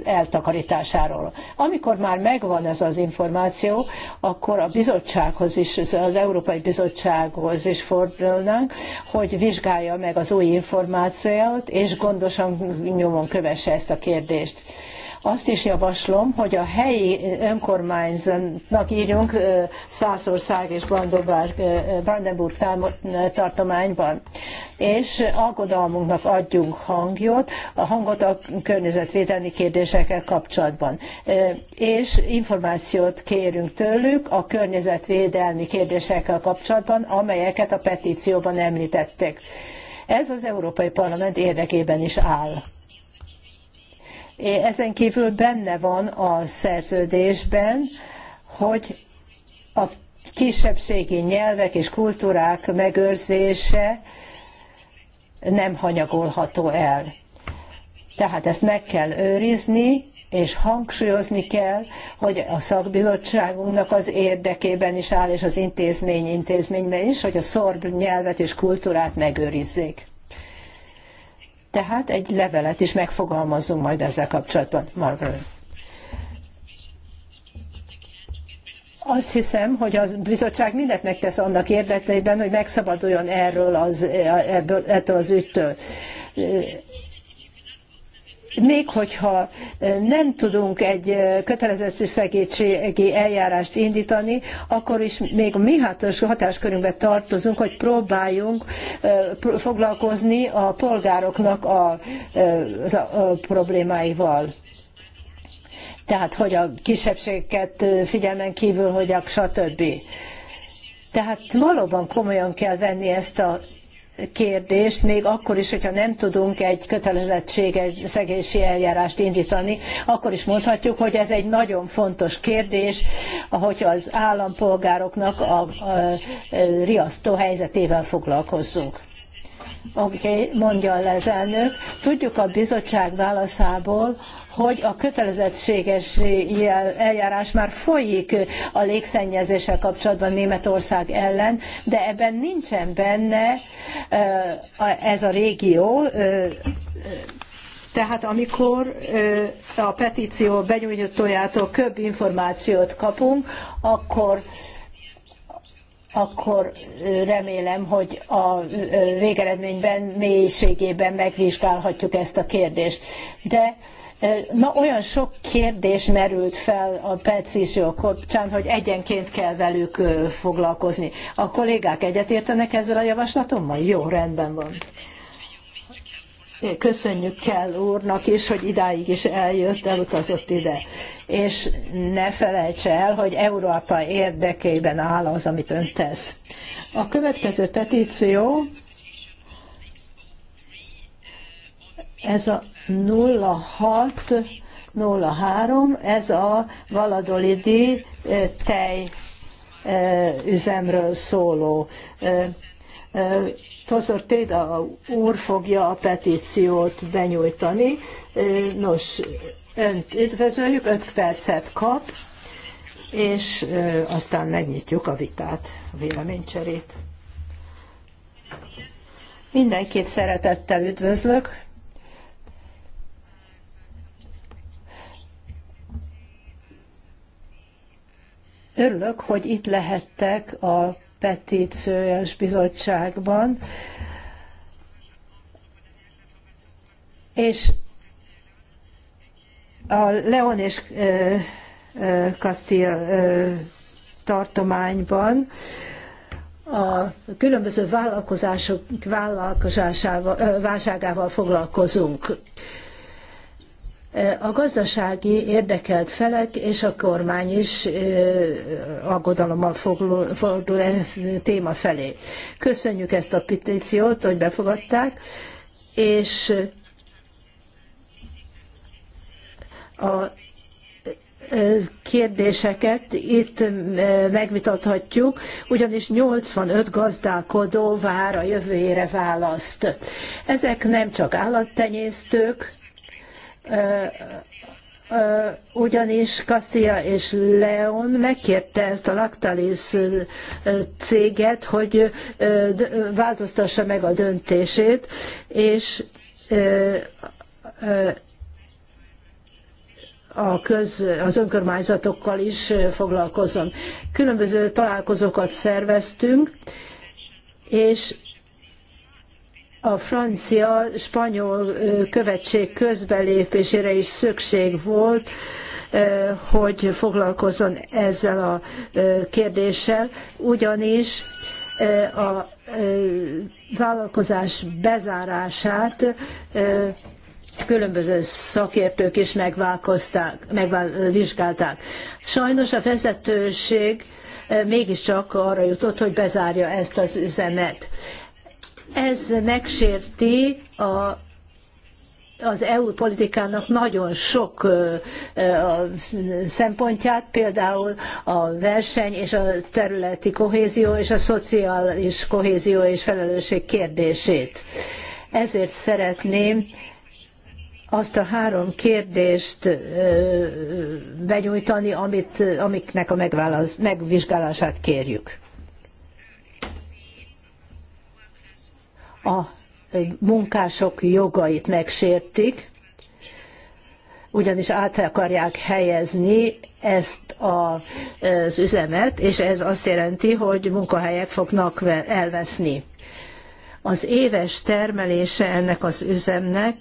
eltakarításáról. Amikor már megvan ez az információ, akkor a bizottsághoz is, az Európai Bizottsághoz is fordulnánk, hogy vizsgálja meg az új információt, és gondosan nyomon kövesse ezt a kérdést. Azt is javaslom, hogy a helyi önkormányzatnak írjunk Szászország és Brandenburg tartományban, és aggodalmunknak adjunk hangjot, a hangot a környezetvédelmi kérdésekkel kapcsolatban. És információt kérünk tőlük a környezetvédelmi kérdésekkel kapcsolatban, amelyeket a petícióban említettek. Ez az Európai Parlament érdekében is áll. Ezen kívül benne van a szerződésben, hogy a kisebbségi nyelvek és kultúrák megőrzése nem hanyagolható el. Tehát ezt meg kell őrizni, és hangsúlyozni kell, hogy a szakbizottságunknak az érdekében is áll, és az intézmény intézményben is, hogy a szorb nyelvet és kultúrát megőrizzék. Tehát egy levelet is megfogalmazunk majd ezzel kapcsolatban, Margaret. Azt hiszem, hogy a bizottság mindent megtesz annak érdekében, hogy megszabaduljon erről az, ebből, ettől az ügytől még hogyha nem tudunk egy kötelezettségsegítségi eljárást indítani, akkor is még a mi hatáskörünkbe tartozunk, hogy próbáljunk foglalkozni a polgároknak a, a, a problémáival. Tehát, hogy a kisebbségeket figyelmen kívül hagyják, stb. Tehát valóban komolyan kell venni ezt a kérdést, még akkor is, hogyha nem tudunk egy kötelezettséges szegési eljárást indítani, akkor is mondhatjuk, hogy ez egy nagyon fontos kérdés, hogy az állampolgároknak a, a riasztó helyzetével foglalkozzunk. Oké, okay, mondja le az elnök. Tudjuk a bizottság válaszából, hogy a kötelezettséges eljárás már folyik a légszennyezéssel kapcsolatban Németország ellen, de ebben nincsen benne ez a régió. Tehát amikor a petíció benyújtójától több információt kapunk, akkor akkor remélem, hogy a végeredményben mélységében megvizsgálhatjuk ezt a kérdést. De Na, olyan sok kérdés merült fel a petíció kapcsán, hogy egyenként kell velük foglalkozni. A kollégák egyetértenek ezzel a javaslatommal? Jó, rendben van. Köszönjük kell úrnak is, hogy idáig is eljött, elutazott ide. És ne felejtse el, hogy Európa érdekében áll az, amit ön tesz. A következő petíció Ez a 06 03, ez a Valadolidi eh, tej eh, üzemről szóló. Eh, Tozor Téda úr fogja a petíciót benyújtani. Nos, önt üdvözöljük, öt percet kap, és aztán megnyitjuk a vitát, a véleménycserét. Mindenkit szeretettel üdvözlök. Örülök, hogy itt lehettek a petíciós bizottságban, és a Leon és Castilla tartományban a különböző vállalkozások vállalkozásával, válságával foglalkozunk. A gazdasági érdekelt felek és a kormány is aggodalommal fordul e téma felé. Köszönjük ezt a petíciót, hogy befogadták, és a kérdéseket itt megvitathatjuk, ugyanis 85 gazdálkodó vár a jövőjére választ. Ezek nem csak állattenyésztők, ugyanis Castilla és Leon megkérte ezt a Lactalis céget, hogy változtassa meg a döntését, és a köz, az önkormányzatokkal is foglalkozzon. Különböző találkozókat szerveztünk, és a francia-spanyol követség közbelépésére is szükség volt, hogy foglalkozzon ezzel a kérdéssel, ugyanis a vállalkozás bezárását különböző szakértők is megvizsgálták. Sajnos a vezetőség mégiscsak arra jutott, hogy bezárja ezt az üzemet. Ez megsérti a az EU politikának nagyon sok szempontját, például a verseny és a területi kohézió és a szociális kohézió és felelősség kérdését. Ezért szeretném azt a három kérdést benyújtani, amit, amiknek a megvizsgálását kérjük. a munkások jogait megsértik, ugyanis át akarják helyezni ezt a, az üzemet, és ez azt jelenti, hogy munkahelyek fognak elveszni. Az éves termelése ennek az üzemnek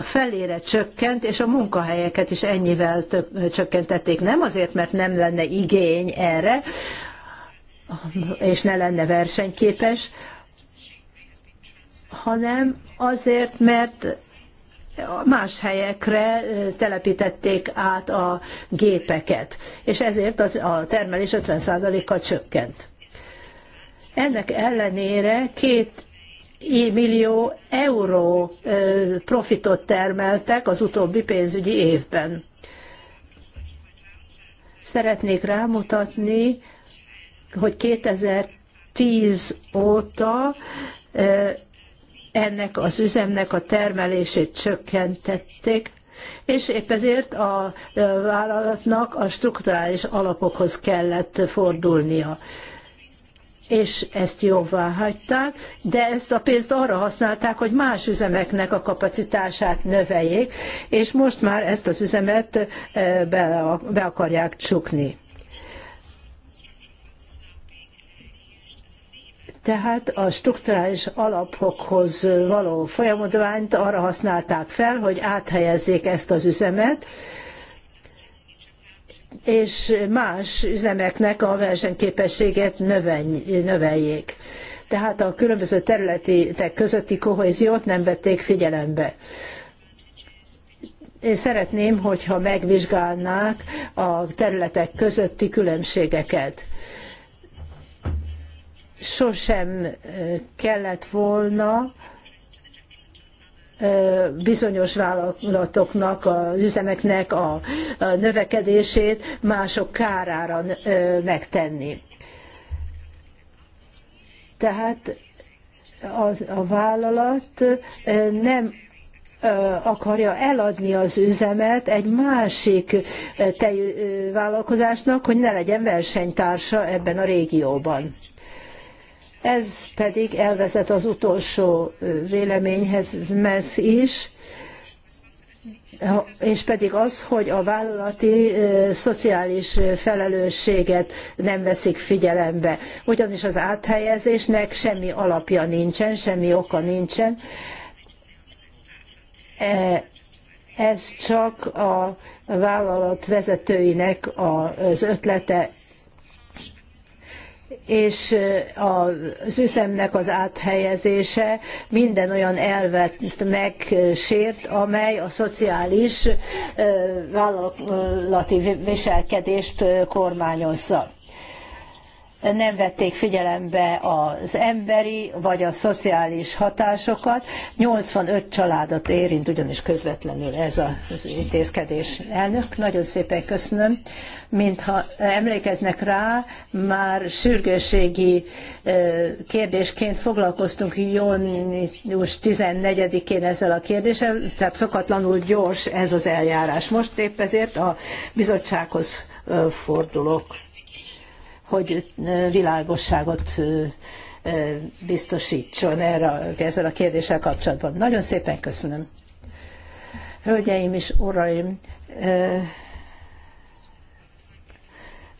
felére csökkent, és a munkahelyeket is ennyivel több, csökkentették. Nem azért, mert nem lenne igény erre, és ne lenne versenyképes, hanem azért, mert más helyekre telepítették át a gépeket, és ezért a termelés 50%-kal csökkent. Ennek ellenére két millió euró profitot termeltek az utóbbi pénzügyi évben. Szeretnék rámutatni, hogy 2010 óta ennek az üzemnek a termelését csökkentették, és épp ezért a vállalatnak a strukturális alapokhoz kellett fordulnia és ezt jóvá hagyták, de ezt a pénzt arra használták, hogy más üzemeknek a kapacitását növeljék, és most már ezt az üzemet be, akarják csukni. Tehát a strukturális alapokhoz való folyamodványt arra használták fel, hogy áthelyezzék ezt az üzemet, és más üzemeknek a versenyképességet növeljék. Tehát a különböző területek közötti kohéziót nem vették figyelembe. Én szeretném, hogyha megvizsgálnák a területek közötti különbségeket sosem kellett volna bizonyos vállalatoknak, az üzemeknek a növekedését mások kárára megtenni. Tehát a, a vállalat nem akarja eladni az üzemet egy másik vállalkozásnak, hogy ne legyen versenytársa ebben a régióban. Ez pedig elvezet az utolsó véleményhez, MESZ is, és pedig az, hogy a vállalati szociális felelősséget nem veszik figyelembe. Ugyanis az áthelyezésnek semmi alapja nincsen, semmi oka nincsen. E, ez csak a vállalat vezetőinek az ötlete és az üzemnek az áthelyezése minden olyan elvet megsért, amely a szociális vállalati viselkedést kormányozza nem vették figyelembe az emberi vagy a szociális hatásokat. 85 családot érint ugyanis közvetlenül ez az intézkedés. Elnök, nagyon szépen köszönöm. Mintha emlékeznek rá, már sürgősségi kérdésként foglalkoztunk június 14-én ezzel a kérdéssel, tehát szokatlanul gyors ez az eljárás. Most épp ezért a bizottsághoz fordulok hogy világosságot biztosítson erre, ezzel a kérdéssel kapcsolatban. Nagyon szépen köszönöm. Hölgyeim és uraim,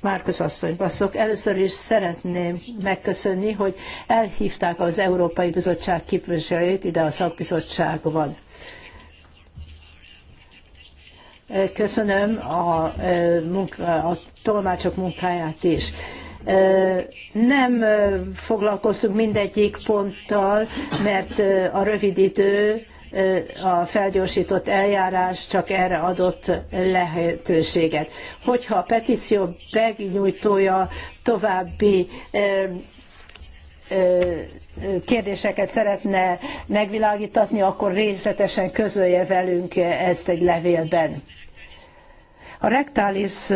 Márkusz asszony, baszok. Először is szeretném megköszönni, hogy elhívták az Európai Bizottság képviselőjét ide a szakbizottságban. Köszönöm a, e, munka, a tolmácsok munkáját is. E, nem e, foglalkoztunk mindegyik ponttal, mert a rövid idő a felgyorsított eljárás csak erre adott lehetőséget. Hogyha a petíció benyújtója további kérdéseket szeretne megvilágítatni, akkor részletesen közölje velünk ezt egy levélben. A Rectalis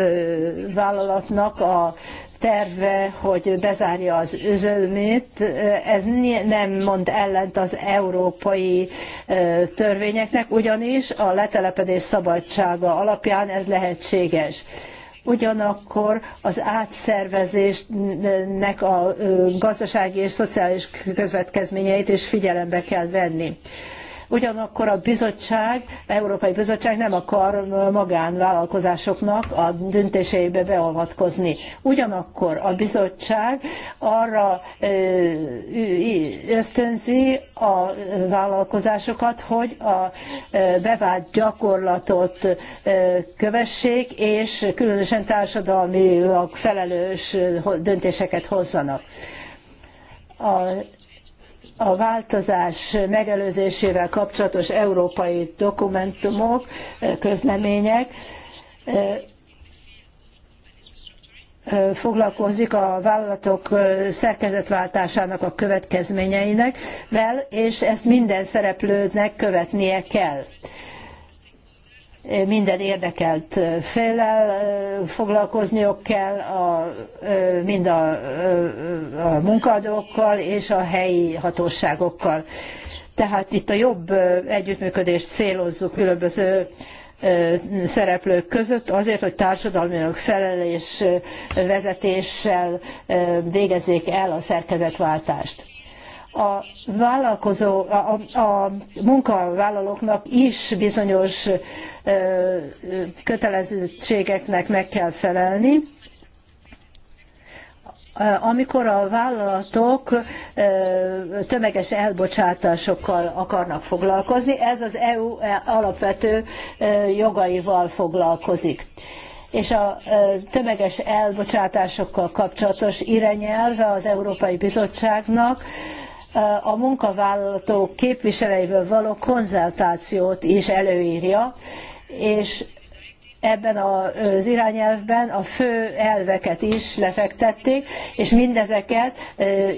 vállalatnak a terve, hogy bezárja az üzelmét, ez nem mond ellent az európai törvényeknek, ugyanis a letelepedés szabadsága alapján ez lehetséges. Ugyanakkor az átszervezésnek a gazdasági és szociális következményeit is figyelembe kell venni. Ugyanakkor a bizottság, Európai Bizottság nem akar magánvállalkozásoknak a döntéseibe beavatkozni. Ugyanakkor a bizottság arra ösztönzi a vállalkozásokat, hogy a bevált gyakorlatot kövessék, és különösen társadalmilag felelős döntéseket hozzanak. A a változás megelőzésével kapcsolatos európai dokumentumok, eh, közlemények eh, eh, foglalkozik a vállalatok szerkezetváltásának a következményeinek, vel, és ezt minden szereplőnek követnie kell minden érdekelt félel foglalkozniuk kell, a, mind a, a munkaadókkal és a helyi hatóságokkal. Tehát itt a jobb együttműködést célozzuk különböző szereplők között azért, hogy társadalmilag felelés vezetéssel végezzék el a szerkezetváltást a vállalkozó, a, a munkavállalóknak is bizonyos ö, kötelezettségeknek meg kell felelni. Amikor a vállalatok tömeges elbocsátásokkal akarnak foglalkozni, ez az EU alapvető jogaival foglalkozik és a tömeges elbocsátásokkal kapcsolatos irányelve az Európai Bizottságnak a munkavállalók képviselőivel való konzultációt is előírja, és ebben az irányelvben a fő elveket is lefektették, és mindezeket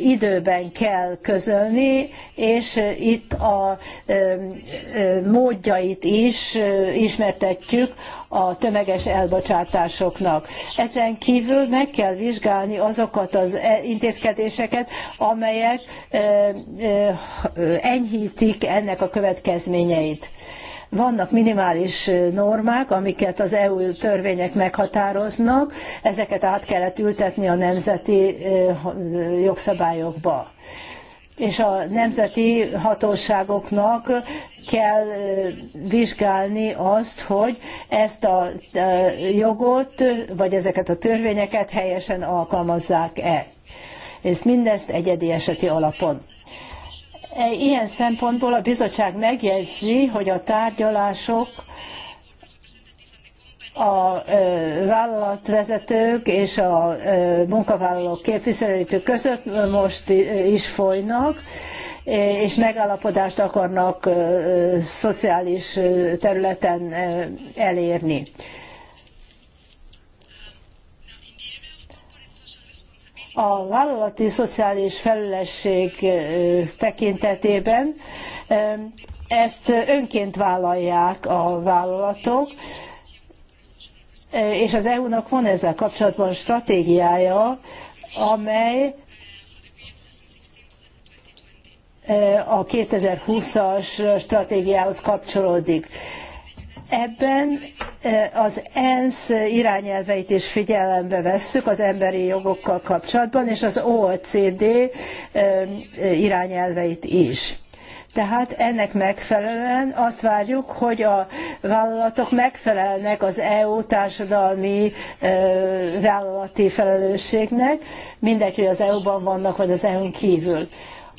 időben kell közölni, és itt a módjait is ismertetjük a tömeges elbocsátásoknak. Ezen kívül meg kell vizsgálni azokat az e, intézkedéseket, amelyek enyhítik ennek a következményeit. Vannak minimális normák, amiket az EU törvények meghatároznak, ezeket át kellett ültetni a nemzeti jogszabályokba és a nemzeti hatóságoknak kell vizsgálni azt, hogy ezt a jogot, vagy ezeket a törvényeket helyesen alkalmazzák-e. És mindezt egyedi eseti alapon. Ilyen szempontból a bizottság megjegyzi, hogy a tárgyalások a vállalatvezetők és a munkavállalók képviselői között most is folynak, és megállapodást akarnak szociális területen elérni. A vállalati szociális felelősség tekintetében ezt önként vállalják a vállalatok, és az EU-nak van ezzel kapcsolatban stratégiája, amely a 2020-as stratégiához kapcsolódik. Ebben e, az ENSZ irányelveit is figyelembe vesszük az emberi jogokkal kapcsolatban, és az OECD e, irányelveit is. Tehát ennek megfelelően azt várjuk, hogy a vállalatok megfelelnek az EU társadalmi e, vállalati felelősségnek, mindegy, hogy az EU-ban vannak, vagy az EU-n kívül.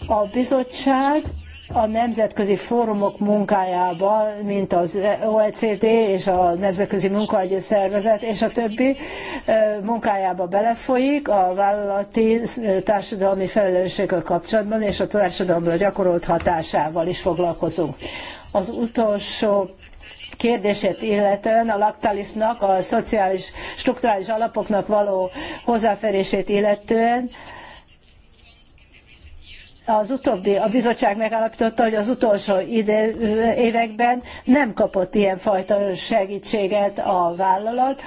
A bizottság a nemzetközi fórumok munkájába, mint az OECD és a Nemzetközi Munkahelyi Szervezet és a többi munkájába belefolyik a vállalati társadalmi felelősséggel kapcsolatban és a társadalomra gyakorolt hatásával is foglalkozunk. Az utolsó kérdését illetően, a Lactalisnak, a szociális, strukturális alapoknak való hozzáférését illetően, az utóbbi, a bizottság megállapította, hogy az utolsó ide, években nem kapott ilyen fajta segítséget a vállalat,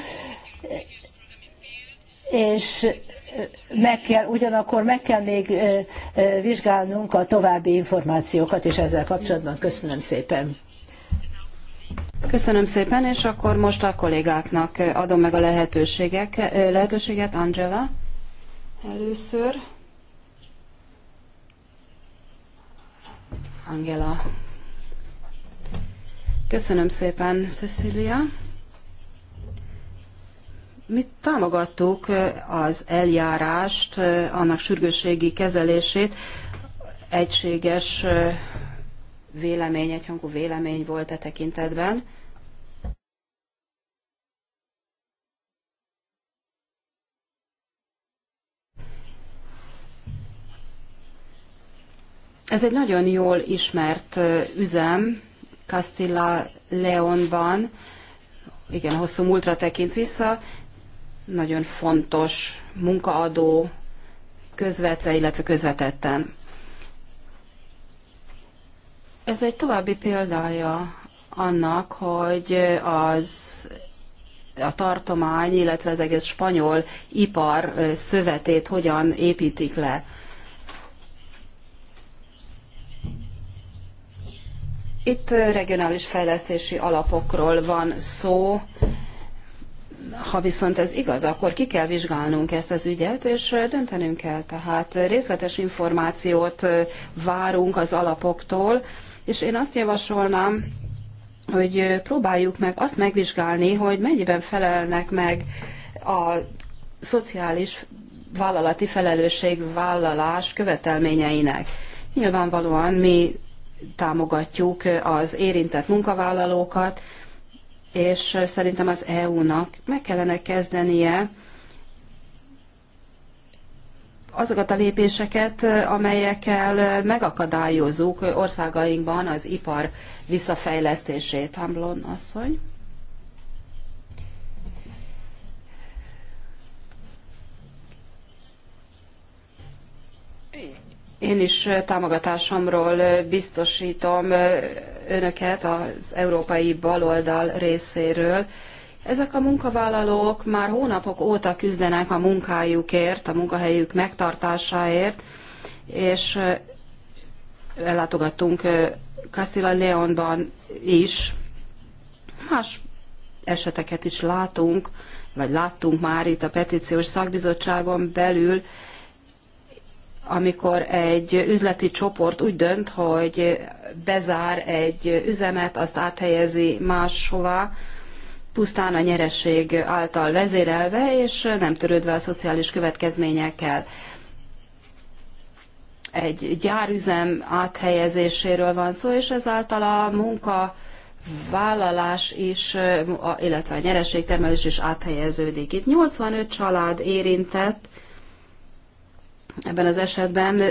és meg kell, ugyanakkor meg kell még vizsgálnunk a további információkat, és ezzel kapcsolatban köszönöm szépen. Köszönöm szépen, és akkor most a kollégáknak adom meg a lehetőségek, lehetőséget, Angela először. Angela. Köszönöm szépen, Cecilia. Mi támogattuk az eljárást, annak sürgősségi kezelését. Egységes vélemény, egyhangú vélemény volt e tekintetben. Ez egy nagyon jól ismert üzem Castilla Leonban, igen, hosszú múltra tekint vissza, nagyon fontos munkaadó közvetve, illetve közvetetten. Ez egy további példája annak, hogy az a tartomány, illetve az egész spanyol ipar szövetét hogyan építik le. Itt regionális fejlesztési alapokról van szó, ha viszont ez igaz, akkor ki kell vizsgálnunk ezt az ügyet, és döntenünk kell. Tehát részletes információt várunk az alapoktól, és én azt javasolnám, hogy próbáljuk meg azt megvizsgálni, hogy mennyiben felelnek meg a szociális vállalati felelősségvállalás követelményeinek. Nyilvánvalóan mi támogatjuk az érintett munkavállalókat, és szerintem az EU-nak meg kellene kezdenie azokat a lépéseket, amelyekkel megakadályozzuk országainkban az ipar visszafejlesztését. Hamblon asszony. Én is támogatásomról biztosítom önöket az európai baloldal részéről. Ezek a munkavállalók már hónapok óta küzdenek a munkájukért, a munkahelyük megtartásáért, és ellátogattunk Castilla Leonban is. Más eseteket is látunk, vagy láttunk már itt a petíciós szakbizottságon belül, amikor egy üzleti csoport úgy dönt, hogy bezár egy üzemet, azt áthelyezi máshova, pusztán a nyereség által vezérelve, és nem törődve a szociális következményekkel. Egy gyárüzem áthelyezéséről van szó, és ezáltal a munka vállalás is, illetve a nyereségtermelés is áthelyeződik. Itt 85 család érintett, Ebben az esetben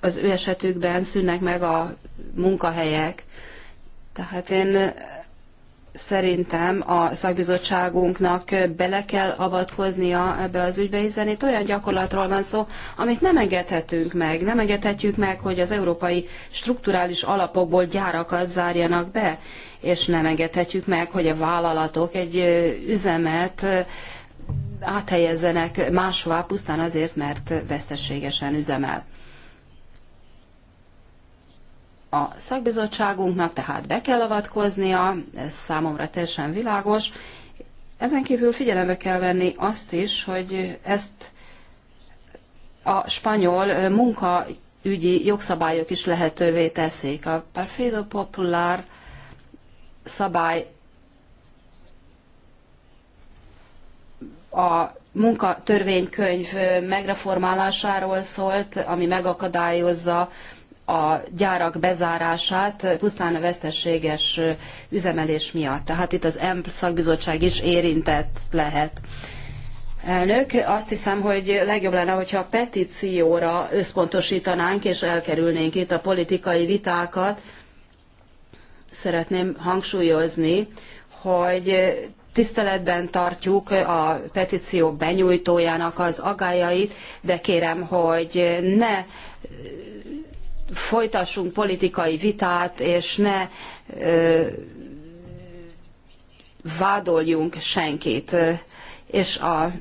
az ő esetükben szűnnek meg a munkahelyek. Tehát én szerintem a szakbizottságunknak bele kell avatkoznia ebbe az ügybe, hiszen itt olyan gyakorlatról van szó, amit nem engedhetünk meg. Nem engedhetjük meg, hogy az európai strukturális alapokból gyárakat zárjanak be, és nem engedhetjük meg, hogy a vállalatok egy üzemet áthelyezzenek máshová, pusztán azért, mert veszteségesen üzemel. A szakbizottságunknak tehát be kell avatkoznia, ez számomra teljesen világos. Ezen kívül figyelembe kell venni azt is, hogy ezt a spanyol munkaügyi jogszabályok is lehetővé teszik. A Perfido Popular szabály a munkatörvénykönyv megreformálásáról szólt, ami megakadályozza a gyárak bezárását pusztán a veszteséges üzemelés miatt. Tehát itt az EMP szakbizottság is érintett lehet. Elnök, azt hiszem, hogy legjobb lenne, hogyha a petícióra összpontosítanánk, és elkerülnénk itt a politikai vitákat. Szeretném hangsúlyozni, hogy tiszteletben tartjuk a petíció benyújtójának az agályait, de kérem, hogy ne folytassunk politikai vitát, és ne ö, vádoljunk senkit. És a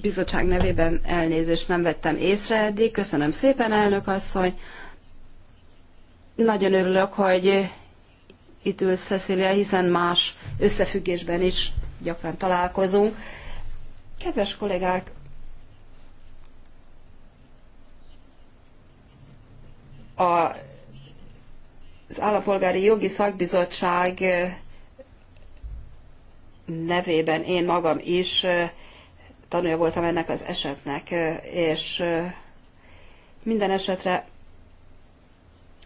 bizottság nevében elnézést nem vettem észre eddig. Köszönöm szépen, elnök asszony. Nagyon örülök, hogy itt ülsz, Cecilia, hiszen más összefüggésben is gyakran találkozunk. Kedves kollégák, a, az Állampolgári Jogi Szakbizottság nevében én magam is tanulja voltam ennek az esetnek, és minden esetre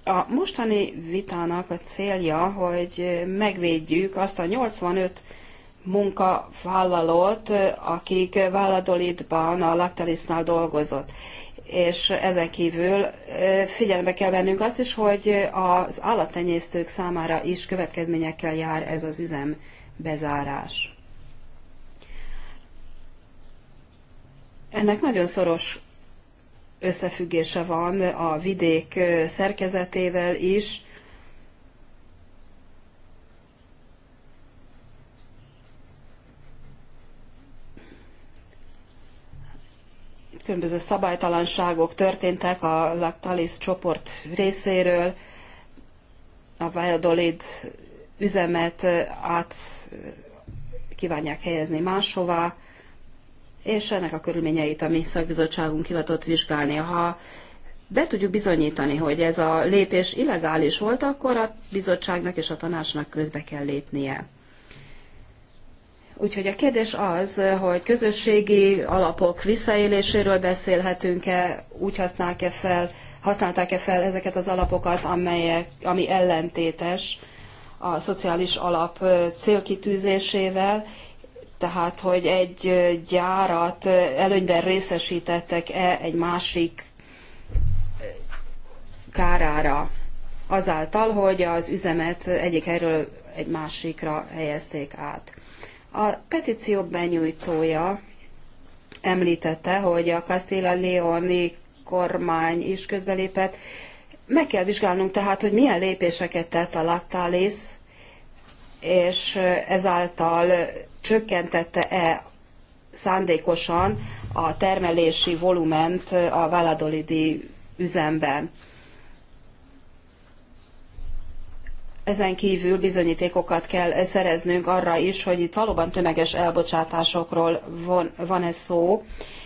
a mostani vitának a célja, hogy megvédjük azt a 85 munkavállalót, akik Valladolidban a Lactalisnál dolgozott. És ezen kívül figyelembe kell vennünk azt is, hogy az állattenyésztők számára is következményekkel jár ez az üzem bezárás. Ennek nagyon szoros összefüggése van a vidék szerkezetével is. Különböző szabálytalanságok történtek a Lactalis csoport részéről, a Valladolid üzemet át kívánják helyezni máshová és ennek a körülményeit a mi szakbizottságunk hivatott vizsgálni. Ha be tudjuk bizonyítani, hogy ez a lépés illegális volt, akkor a bizottságnak és a tanácsnak közbe kell lépnie. Úgyhogy a kérdés az, hogy közösségi alapok visszaéléséről beszélhetünk-e, úgy használták-e fel, használták-e fel ezeket az alapokat, amelyek, ami ellentétes a szociális alap célkitűzésével, tehát hogy egy gyárat előnyben részesítettek-e egy másik kárára azáltal, hogy az üzemet egyik helyről egy másikra helyezték át. A petíció benyújtója említette, hogy a Castilla Leoni kormány is közbelépett. Meg kell vizsgálnunk tehát, hogy milyen lépéseket tett a Lactalis, és ezáltal csökkentette-e szándékosan a termelési volument a Valladolidi üzemben. Ezen kívül bizonyítékokat kell szereznünk arra is, hogy itt valóban tömeges elbocsátásokról van, van szó,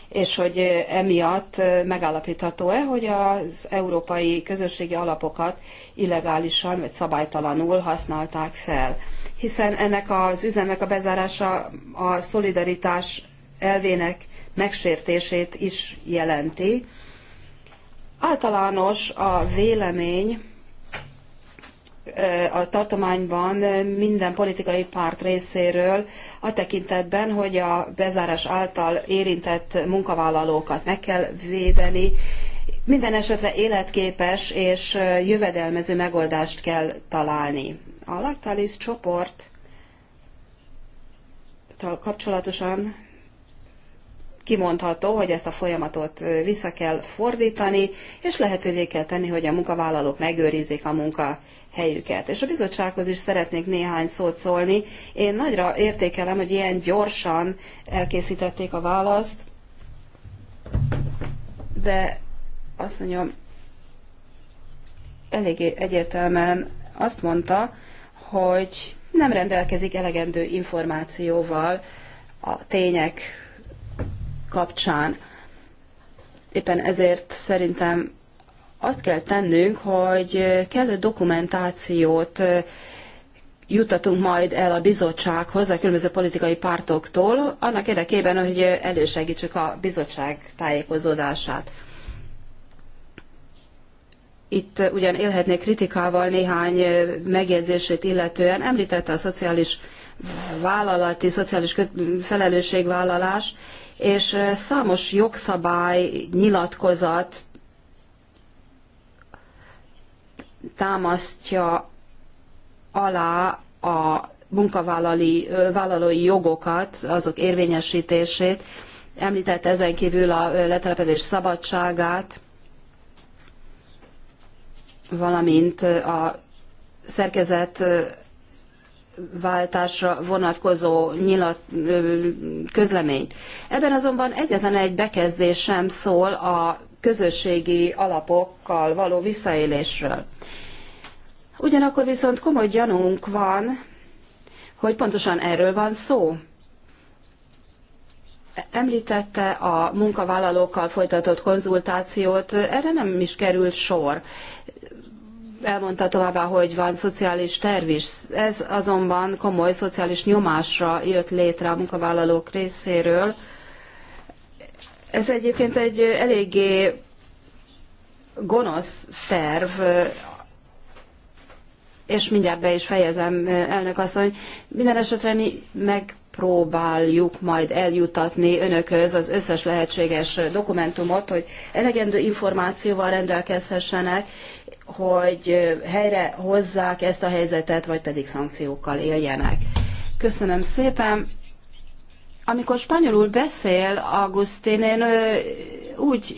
és hogy emiatt megállapítható-e, hogy az európai közösségi alapokat illegálisan vagy szabálytalanul használták fel hiszen ennek az üzemnek a bezárása a szolidaritás elvének megsértését is jelenti. Általános a vélemény a tartományban minden politikai párt részéről a tekintetben, hogy a bezárás által érintett munkavállalókat meg kell védeni, minden esetre életképes és jövedelmező megoldást kell találni a Lactalis csoport kapcsolatosan kimondható, hogy ezt a folyamatot vissza kell fordítani, és lehetővé kell tenni, hogy a munkavállalók megőrizzék a munkahelyüket. És a bizottsághoz is szeretnék néhány szót szólni. Én nagyra értékelem, hogy ilyen gyorsan elkészítették a választ, de azt mondjam, eléggé egyértelműen azt mondta, hogy nem rendelkezik elegendő információval a tények kapcsán. Éppen ezért szerintem azt kell tennünk, hogy kellő dokumentációt juttatunk majd el a bizottsághoz, a különböző politikai pártoktól, annak érdekében, hogy elősegítsük a bizottság tájékozódását itt ugyan élhetnék kritikával néhány megjegyzését illetően, említette a szociális vállalati, szociális felelősségvállalás, és számos jogszabály, nyilatkozat támasztja alá a munkavállalói jogokat, azok érvényesítését, említette ezen kívül a letelepedés szabadságát, valamint a szerkezet váltásra vonatkozó nyilat, közleményt. Ebben azonban egyetlen egy bekezdés sem szól a közösségi alapokkal való visszaélésről. Ugyanakkor viszont komoly gyanunk van, hogy pontosan erről van szó. Említette a munkavállalókkal folytatott konzultációt, erre nem is került sor elmondta továbbá, hogy van szociális terv is. Ez azonban komoly szociális nyomásra jött létre a munkavállalók részéről. Ez egyébként egy eléggé gonosz terv, és mindjárt be is fejezem, elnök asszony. Minden esetre mi meg próbáljuk majd eljutatni önökhöz az összes lehetséges dokumentumot, hogy elegendő információval rendelkezhessenek, hogy helyre hozzák ezt a helyzetet, vagy pedig szankciókkal éljenek. Köszönöm szépen. Amikor spanyolul beszél Agustin, én úgy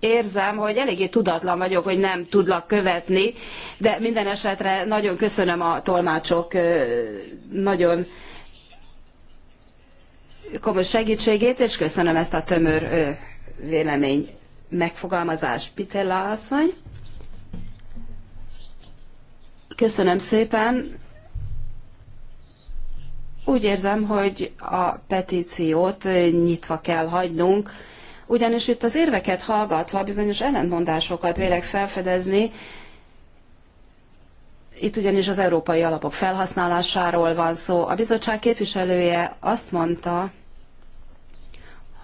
érzem, hogy eléggé tudatlan vagyok, hogy nem tudlak követni, de minden esetre nagyon köszönöm a tolmácsok nagyon komoly segítségét, és köszönöm ezt a tömör vélemény megfogalmazást. Pitella asszony. Köszönöm szépen. Úgy érzem, hogy a petíciót nyitva kell hagynunk, ugyanis itt az érveket hallgatva bizonyos ellentmondásokat vélek felfedezni, itt ugyanis az európai alapok felhasználásáról van szó. A bizottság képviselője azt mondta,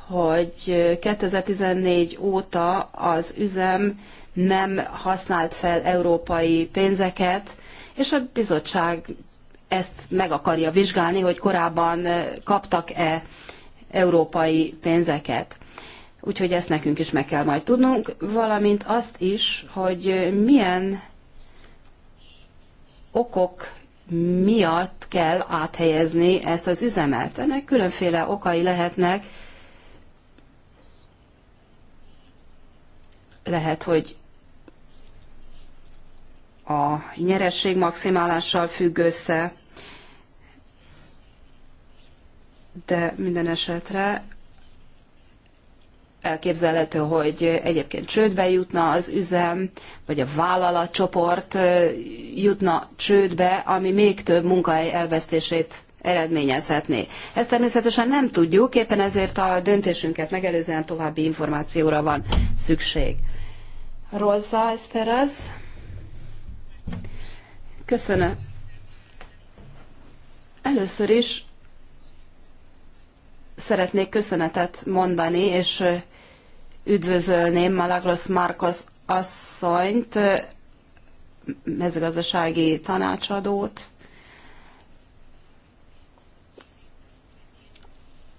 hogy 2014 óta az üzem nem használt fel európai pénzeket, és a bizottság ezt meg akarja vizsgálni, hogy korábban kaptak-e európai pénzeket úgyhogy ezt nekünk is meg kell majd tudnunk, valamint azt is, hogy milyen okok miatt kell áthelyezni ezt az üzemet. Ennek különféle okai lehetnek. Lehet, hogy a nyeresség maximálással függ össze, de minden esetre elképzelhető, hogy egyébként csődbe jutna az üzem, vagy a vállalatcsoport jutna csődbe, ami még több munkahely elvesztését eredményezhetné. Ezt természetesen nem tudjuk, éppen ezért a döntésünket megelőzően további információra van szükség. Rosa Esteras. Köszönöm. Először is szeretnék köszönetet mondani, és üdvözölném Malagros Marcos asszonyt, mezőgazdasági tanácsadót,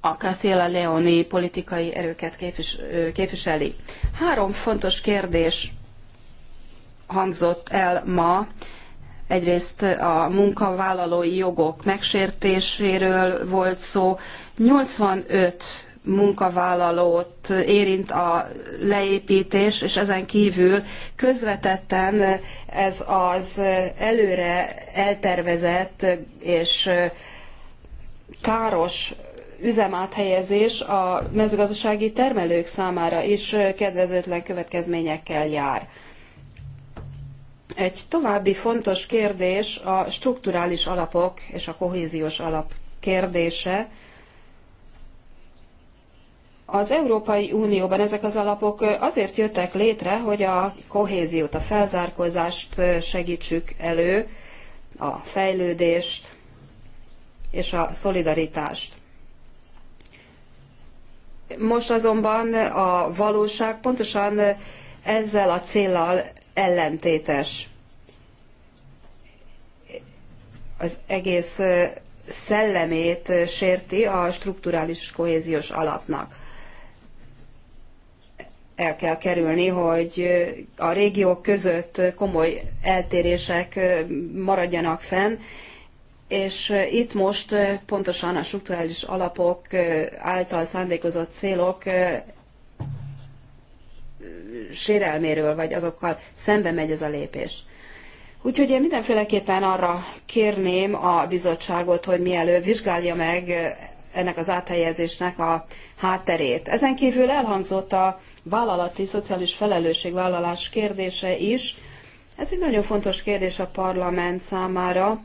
a Castilla Leoni politikai erőket képvis, képviseli. Három fontos kérdés hangzott el ma. Egyrészt a munkavállalói jogok megsértéséről volt szó. 85 munkavállalót érint a leépítés, és ezen kívül közvetetten ez az előre eltervezett és káros üzemáthelyezés a mezőgazdasági termelők számára is kedvezőtlen következményekkel jár. Egy további fontos kérdés a strukturális alapok és a kohéziós alap kérdése. Az Európai Unióban ezek az alapok azért jöttek létre, hogy a kohéziót, a felzárkózást segítsük elő, a fejlődést és a szolidaritást. Most azonban a valóság pontosan ezzel a céllal ellentétes. Az egész szellemét sérti a strukturális kohéziós alapnak el kell kerülni, hogy a régiók között komoly eltérések maradjanak fenn, és itt most pontosan a strukturális alapok által szándékozott célok sérelméről, vagy azokkal szembe megy ez a lépés. Úgyhogy én mindenféleképpen arra kérném a bizottságot, hogy mielőbb vizsgálja meg ennek az áthelyezésnek a hátterét. Ezen kívül elhangzott a vállalati szociális felelősségvállalás kérdése is. Ez egy nagyon fontos kérdés a parlament számára.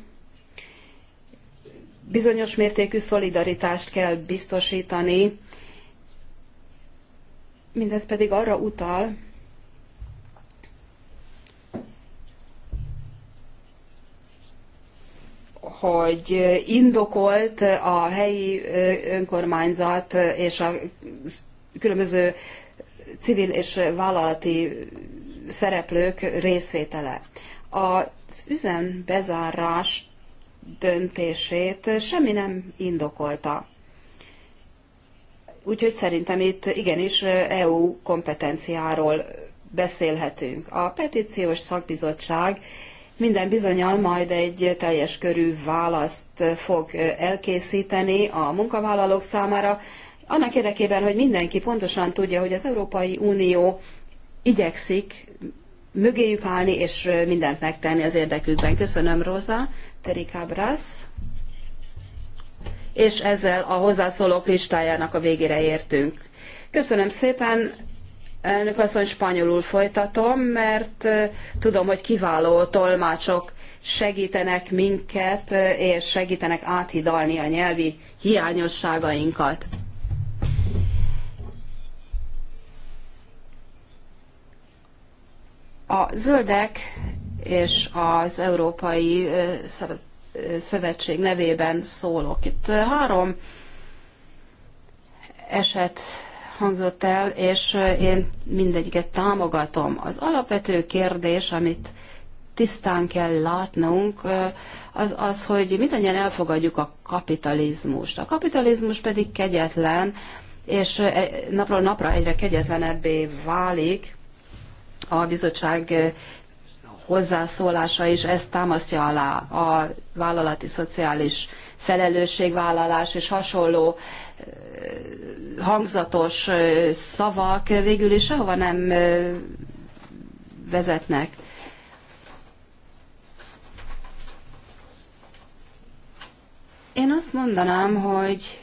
Bizonyos mértékű szolidaritást kell biztosítani, mindez pedig arra utal, hogy indokolt a helyi önkormányzat és a különböző civil és vállalati szereplők részvétele. Az üzem bezárás döntését semmi nem indokolta. Úgyhogy szerintem itt igenis EU kompetenciáról beszélhetünk. A petíciós szakbizottság minden bizonyal majd egy teljes körű választ fog elkészíteni a munkavállalók számára, annak érdekében, hogy mindenki pontosan tudja, hogy az Európai Unió igyekszik mögéjük állni és mindent megtenni az érdekükben. Köszönöm, Rosa, Teri Cabras. És ezzel a hozzászólók listájának a végére értünk. Köszönöm szépen, elnök asszony, spanyolul folytatom, mert tudom, hogy kiváló tolmácsok segítenek minket, és segítenek áthidalni a nyelvi hiányosságainkat. A zöldek és az Európai Szövetség nevében szólok. Itt három eset hangzott el, és én mindegyiket támogatom. Az alapvető kérdés, amit tisztán kell látnunk, az az, hogy mindannyian elfogadjuk a kapitalizmust. A kapitalizmus pedig kegyetlen, és e, napról napra egyre kegyetlenebbé válik, a bizottság eh, hozzászólása is ezt támasztja alá a vállalati szociális felelősségvállalás és hasonló eh, hangzatos eh, szavak végül is sehova nem vezetnek. Én azt mondanám, hogy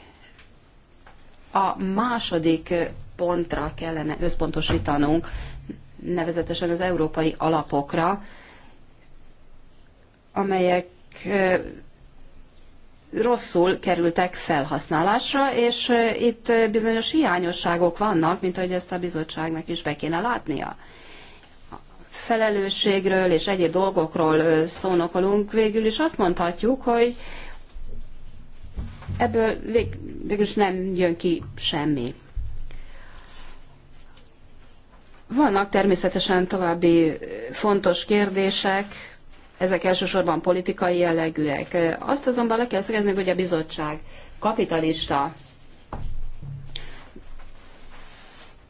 a második pontra kellene összpontosítanunk, nevezetesen az európai alapokra, amelyek rosszul kerültek felhasználásra, és itt bizonyos hiányosságok vannak, mint ahogy ezt a bizottságnak is be kéne látnia. a Felelősségről és egyéb dolgokról szónokolunk, végül is azt mondhatjuk, hogy ebből végül is nem jön ki semmi. Vannak természetesen további eh, fontos kérdések, ezek elsősorban politikai jellegűek. Eh, azt azonban le kell szögezni, hogy a bizottság kapitalista.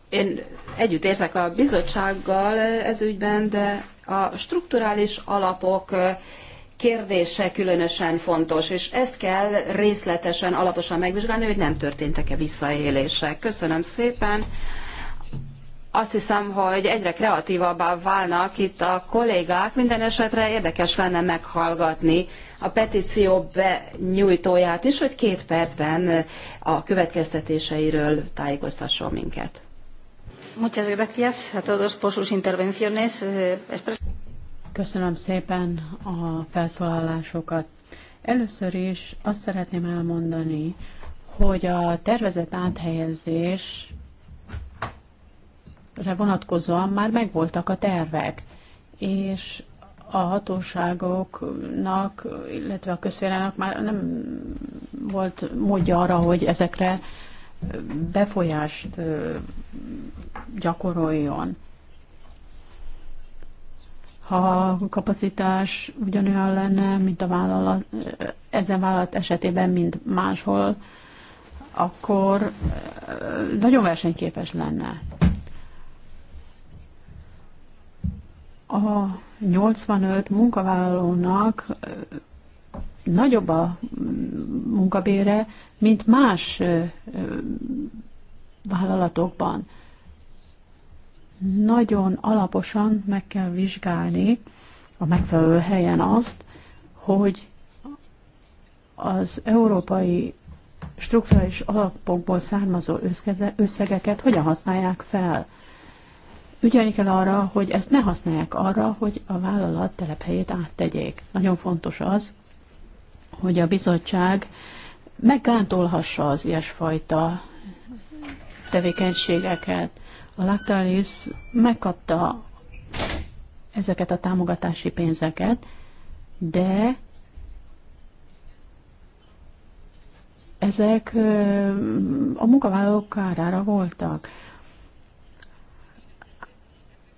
Én együtt érzek a bizottsággal ez ügyben, de a strukturális alapok eh, kérdése különösen fontos, és ezt kell részletesen, alaposan megvizsgálni, hogy nem történtek-e visszaélések. Köszönöm szépen azt hiszem, hogy egyre kreatívabbá válnak itt a kollégák, minden esetre érdekes lenne meghallgatni a petíció benyújtóját is, hogy két percben a következtetéseiről tájékoztasson minket. Muchas gracias a todos por sus intervenciones. Eh, Köszönöm szépen a felszólalásokat. Először is azt szeretném elmondani, hogy a tervezett áthelyezés vonatkozóan már megvoltak a tervek, és a hatóságoknak, illetve a közférának már nem volt módja arra, hogy ezekre befolyást gyakoroljon. Ha a kapacitás ugyanolyan lenne, mint a vállalat, ezen vállalat esetében, mint máshol, akkor nagyon versenyképes lenne. a 85 munkavállalónak nagyobb a munkabére, mint más vállalatokban. Nagyon alaposan meg kell vizsgálni a megfelelő helyen azt, hogy az európai struktúrális alapokból származó összegeket hogyan használják fel ügyelni kell arra, hogy ezt ne használják arra, hogy a vállalat telephelyét áttegyék. Nagyon fontos az, hogy a bizottság meggántolhassa az ilyesfajta tevékenységeket. A Lactalis megkapta ezeket a támogatási pénzeket, de ezek a munkavállalók kárára voltak.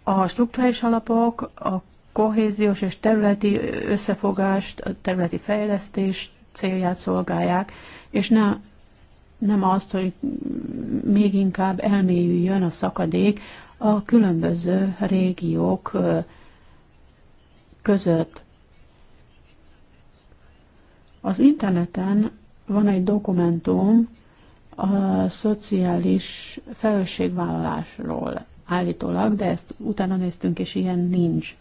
A struktúrális alapok a kohéziós és területi összefogást, a területi fejlesztést célját szolgálják, és ne, nem azt, hogy még inkább elmélyüljön a szakadék a különböző régiók között. Az interneten van egy dokumentum a szociális felelősségvállalásról állítólag, de ezt utána néztünk, és ilyen nincs.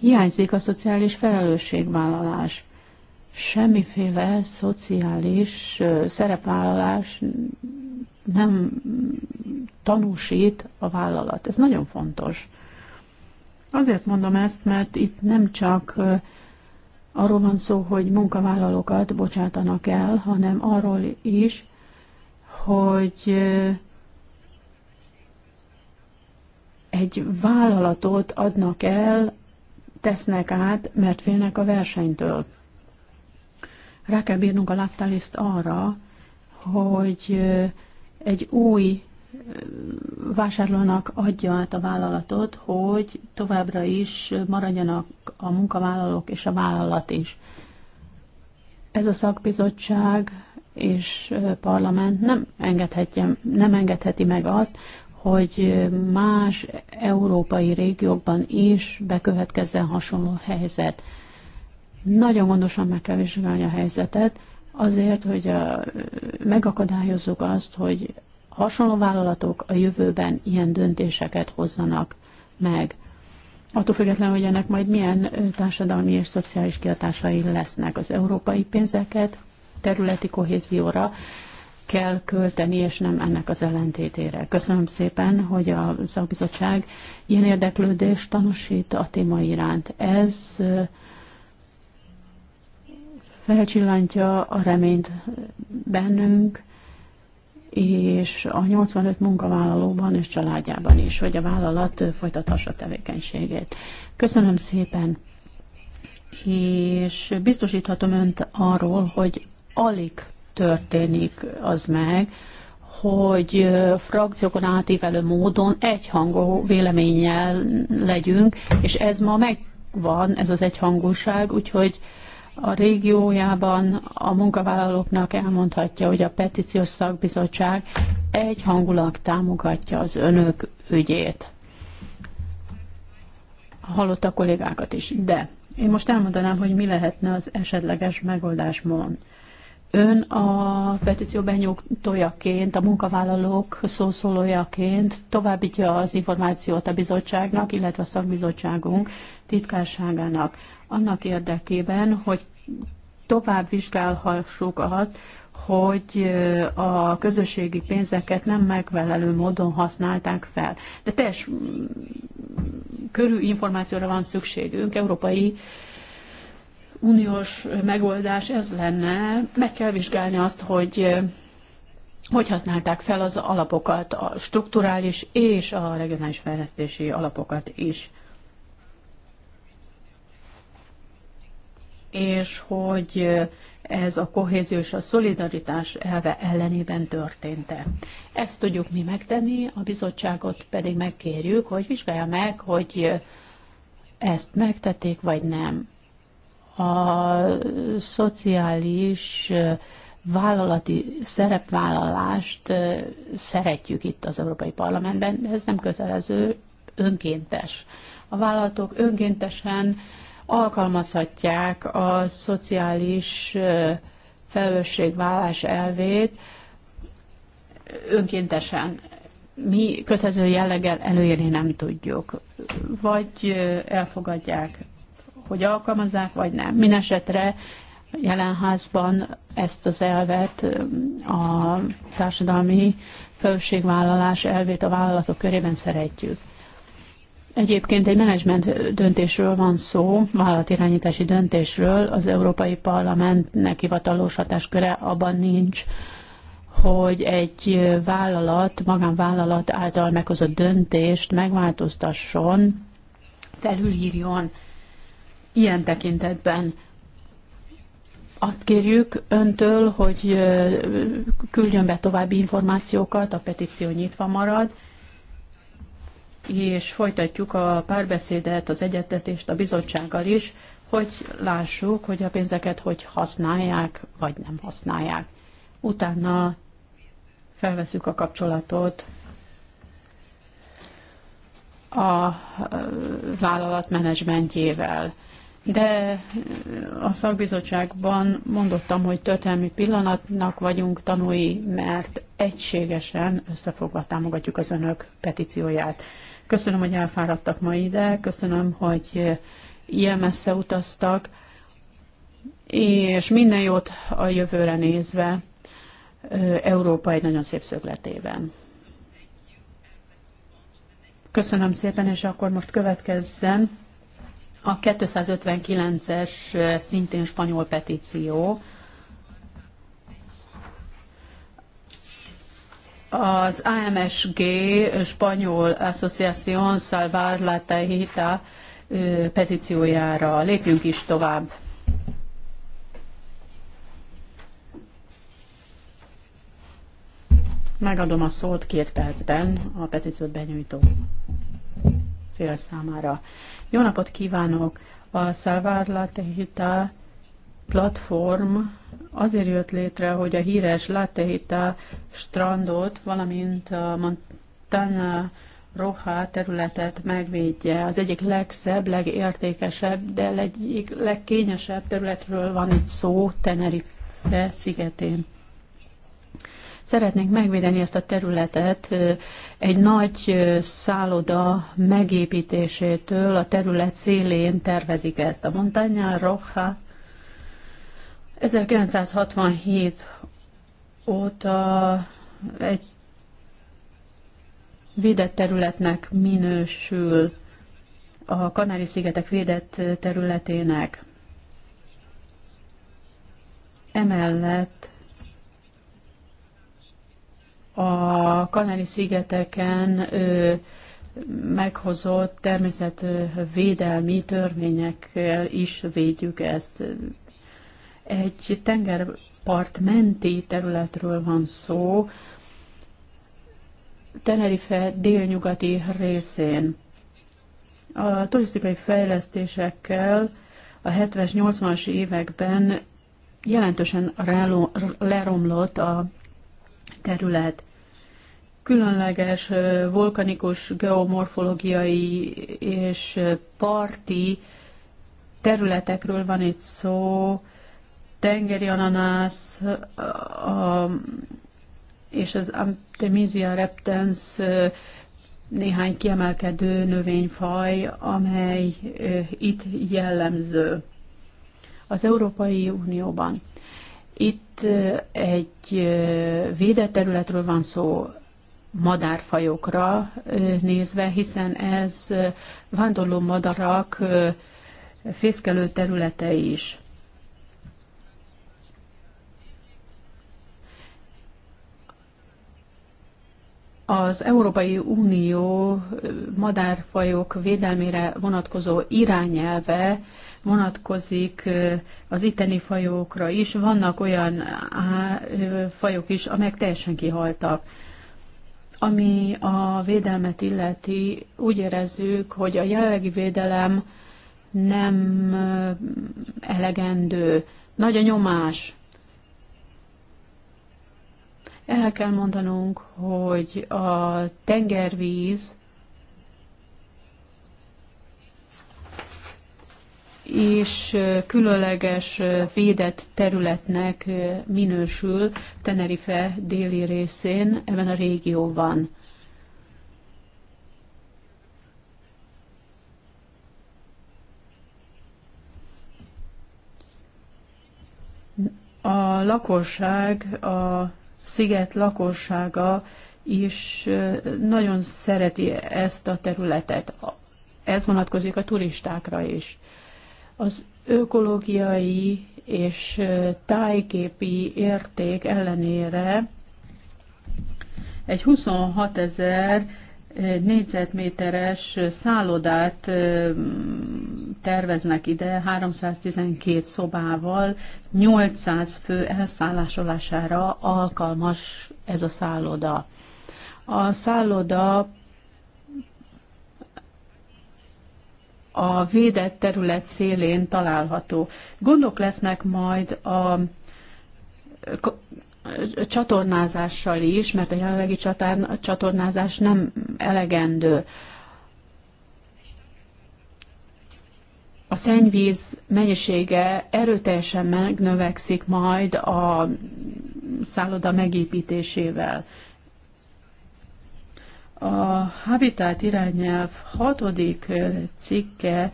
Hiányzik a szociális felelősségvállalás. Semmiféle szociális szerepvállalás nem tanúsít a vállalat. Ez nagyon fontos. Azért mondom ezt, mert itt nem csak arról van szó, hogy munkavállalókat bocsátanak el, hanem arról is, hogy egy vállalatot adnak el, tesznek át, mert félnek a versenytől. Rá kell bírnunk a láttaliszt arra, hogy egy új vásárlónak adja át a vállalatot, hogy továbbra is maradjanak a munkavállalók és a vállalat is. Ez a szakbizottság és parlament nem, engedhetje, nem engedheti meg azt, hogy más európai régiókban is bekövetkezzen hasonló helyzet. Nagyon gondosan meg kell vizsgálni a helyzetet, azért, hogy a, megakadályozzuk azt, hogy hasonló vállalatok a jövőben ilyen döntéseket hozzanak meg. Attól függetlenül, hogy ennek majd milyen társadalmi és szociális kiadásai lesznek az európai pénzeket, területi kohézióra kell költeni, és nem ennek az ellentétére. Köszönöm szépen, hogy a szakbizottság ilyen érdeklődést tanúsít a téma iránt. Ez felcsillantja a reményt bennünk, és a 85 munkavállalóban és családjában is, hogy a vállalat folytathassa tevékenységét. Köszönöm szépen, és biztosíthatom önt arról, hogy alig történik az meg, hogy frakciókon átívelő módon egyhangú véleménnyel legyünk, és ez ma megvan, ez az egyhangúság, úgyhogy a régiójában a munkavállalóknak elmondhatja, hogy a petíciós szakbizottság egyhangulag támogatja az önök ügyét. Hallott a kollégákat is, de én most elmondanám, hogy mi lehetne az esetleges megoldás mond. Ön a petíció benyújtójaként, a munkavállalók szószólójaként továbbítja az információt a bizottságnak, illetve a szakbizottságunk titkárságának annak érdekében, hogy tovább vizsgálhassuk azt, hogy a közösségi pénzeket nem megfelelő módon használták fel. De teljes mm, körű információra van szükségünk, európai uniós megoldás ez lenne, meg kell vizsgálni azt, hogy eh, hogy használták fel az alapokat, a strukturális és a regionális fejlesztési alapokat is. És hogy eh, ez a kohéziós, a szolidaritás elve ellenében történt-e. Ezt tudjuk mi megtenni, a bizottságot pedig megkérjük, hogy vizsgálja meg, hogy eh, ezt megtették, vagy nem a szociális vállalati szerepvállalást szeretjük itt az Európai Parlamentben, de ez nem kötelező, önkéntes. A vállalatok önkéntesen alkalmazhatják a szociális felelősségvállás elvét önkéntesen. Mi kötelező jelleggel előírni nem tudjuk. Vagy elfogadják hogy alkalmazzák, vagy nem. Minesetre jelenházban ezt az elvet, a társadalmi felelősségvállalás elvét a vállalatok körében szeretjük. Egyébként egy menedzsment döntésről van szó, vállalatirányítási döntésről. Az Európai Parlamentnek hivatalos hatásköre abban nincs, hogy egy vállalat, magánvállalat által meghozott döntést megváltoztasson, felülírjon ilyen tekintetben. Azt kérjük öntől, hogy küldjön be további információkat, a petíció nyitva marad, és folytatjuk a párbeszédet, az egyetetést a bizottsággal is, hogy lássuk, hogy a pénzeket hogy használják, vagy nem használják. Utána felveszük a kapcsolatot a vállalat menedzsmentjével de a szakbizottságban mondottam, hogy történelmi pillanatnak vagyunk tanúi, mert egységesen összefogva támogatjuk az önök petícióját. Köszönöm, hogy elfáradtak ma ide, köszönöm, hogy ilyen messze utaztak, és minden jót a jövőre nézve Európa egy nagyon szép szögletében. Köszönöm szépen, és akkor most következzen a 259-es eh, szintén spanyol petíció az AMSG spanyol Asociación Salvar la Tejita eh, petíciójára. Lépjünk is tovább. Megadom a szót két percben a petíciót benyújtó fél számára. Jó napot kívánok! A Salvar Tehita platform azért jött létre, hogy a híres La Tehita strandot, valamint a Montana Roha területet megvédje. Az egyik legszebb, legértékesebb, de egyik legkényesebb területről van itt szó, Tenerife szigetén. Szeretnénk megvédeni ezt a területet egy nagy szálloda megépítésétől, a terület szélén tervezik ezt. A Montaña Roja 1967 óta egy védett területnek minősül a Kanári-szigetek védett területének. Emellett a Kanári-szigeteken meghozott természetvédelmi törvényekkel is védjük ezt. Egy tengerpart menti területről van szó, Tenerife délnyugati részén. A turisztikai fejlesztésekkel a 70-80-as években jelentősen leromlott a terület. Különleges vulkanikus geomorfológiai és parti területekről van itt szó, tengeri ananász a, és az Artemisia reptens néhány kiemelkedő növényfaj, amely itt jellemző az Európai Unióban. Itt egy védett területről van szó madárfajokra nézve, hiszen ez vándorló madarak fészkelő területe is. Az Európai Unió madárfajok védelmére vonatkozó irányelve vonatkozik az itteni fajokra is. Vannak olyan fajok is, amelyek teljesen kihaltak. Ami a védelmet illeti, úgy érezzük, hogy a jelenlegi védelem nem elegendő. Nagy a nyomás. El kell mondanunk, hogy a tengervíz és különleges védett területnek minősül Tenerife déli részén, ebben a régióban. A lakosság, a sziget lakossága is nagyon szereti ezt a területet. Ez vonatkozik a turistákra is. Az ökológiai és tájképi érték ellenére egy 26 ezer négyzetméteres szállodát terveznek ide 312 szobával, 800 fő elszállásolására alkalmas ez a szálloda. A szálloda a védett terület szélén található. Gondok lesznek majd a csatornázással is, mert a jelenlegi csatornázás nem elegendő. A szennyvíz mennyisége erőteljesen megnövekszik majd a szálloda megépítésével. A Habitat irányelv hatodik cikke